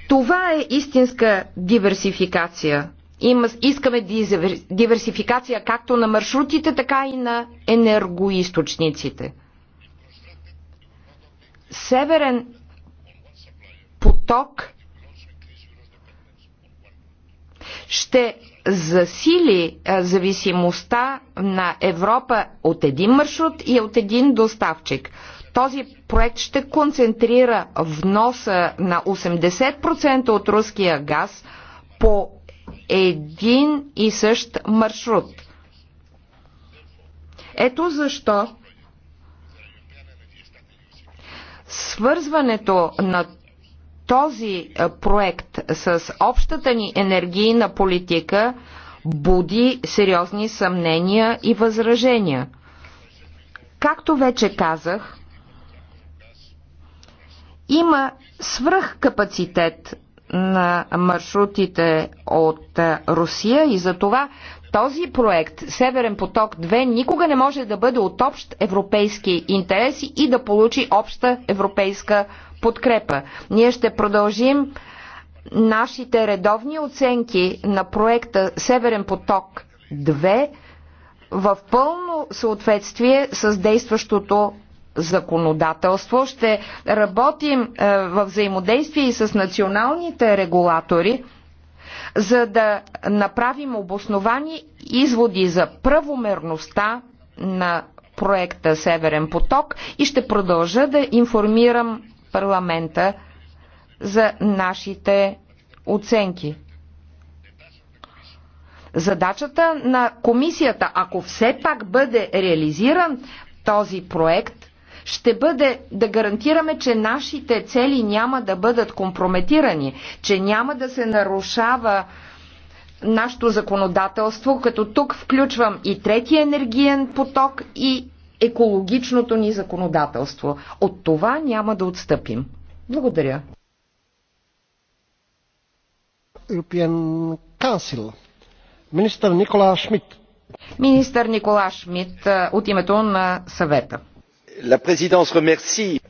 D: Това е истинска диверсификация. Има, искаме диверсификация както на маршрутите, така и на енергоисточниците. Северен поток ще засили зависимостта на Европа от един маршрут и от един доставчик. Този проект ще концентрира вноса на 80% от руския газ по един и същ маршрут. Ето защо свързването на този проект с общата ни енергийна политика буди сериозни съмнения и възражения. Както вече казах, има свръхкапацитет на маршрутите от Русия и за това този проект Северен поток 2 никога не може да бъде от общ европейски интереси и да получи обща европейска подкрепа. Ние ще продължим нашите редовни оценки на проекта Северен поток 2 в пълно съответствие с действащото законодателство. Ще работим е, в взаимодействие и с националните регулатори, за да направим обосновани изводи за правомерността на проекта Северен поток и ще продължа да информирам парламента за нашите оценки. Задачата на комисията, ако все пак бъде реализиран този проект, ще бъде да гарантираме, че нашите цели няма да бъдат компрометирани, че няма да се нарушава нашето законодателство, като тук включвам и третия енергиен поток и екологичното ни законодателство. От това няма да
B: отстъпим. Благодаря. European Council. Министър Никола Шмидт.
D: Министър Никола Шмидт от името на съвета.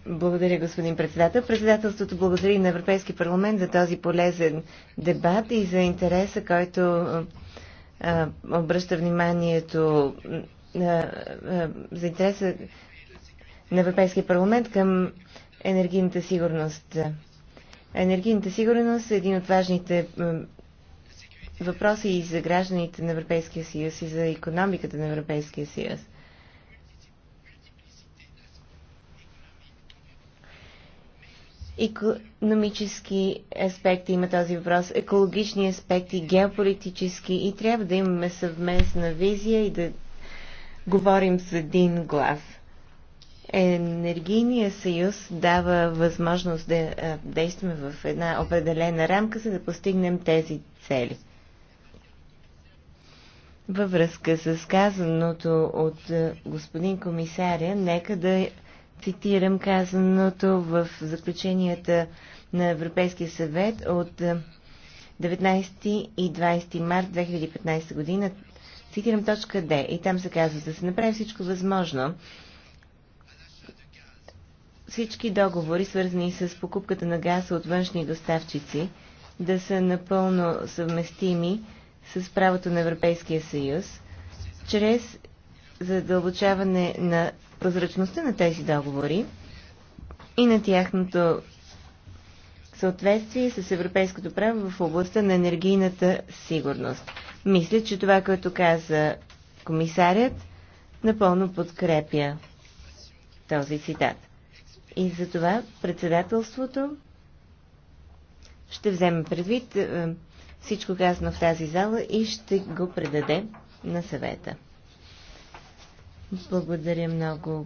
D: Благодаря, господин
E: председател. Председателството благодари на Европейски парламент за този полезен дебат и за интереса, който а, обръща вниманието а, а, за интереса на Европейския парламент към енергийната сигурност. Енергийната сигурност е един от важните въпроси и за гражданите на Европейския съюз, и за економиката на Европейския съюз. економически аспекти има този въпрос, екологични аспекти, геополитически и трябва да имаме съвместна визия и да говорим с един глас. Енергийния съюз дава възможност да действаме в една определена рамка, за да постигнем тези цели. Във връзка с казаното от господин комисаря, нека да цитирам казаното в заключенията на Европейския съвет от 19 е, и 20 март 2015 година. Цитирам точка Д и там се казва да се направи всичко възможно всички договори, свързани с покупката на газ от външни доставчици, да са напълно съвместими с правото на Европейския съюз, чрез задълбочаване на прозрачността на тези договори и на тяхното съответствие с европейското право в областта на енергийната сигурност. Мисля, че това, което каза комисарят, напълно подкрепя този цитат. И за това председателството ще вземе предвид е, всичко казано в тази зала и ще го предаде на съвета. Благодаря много,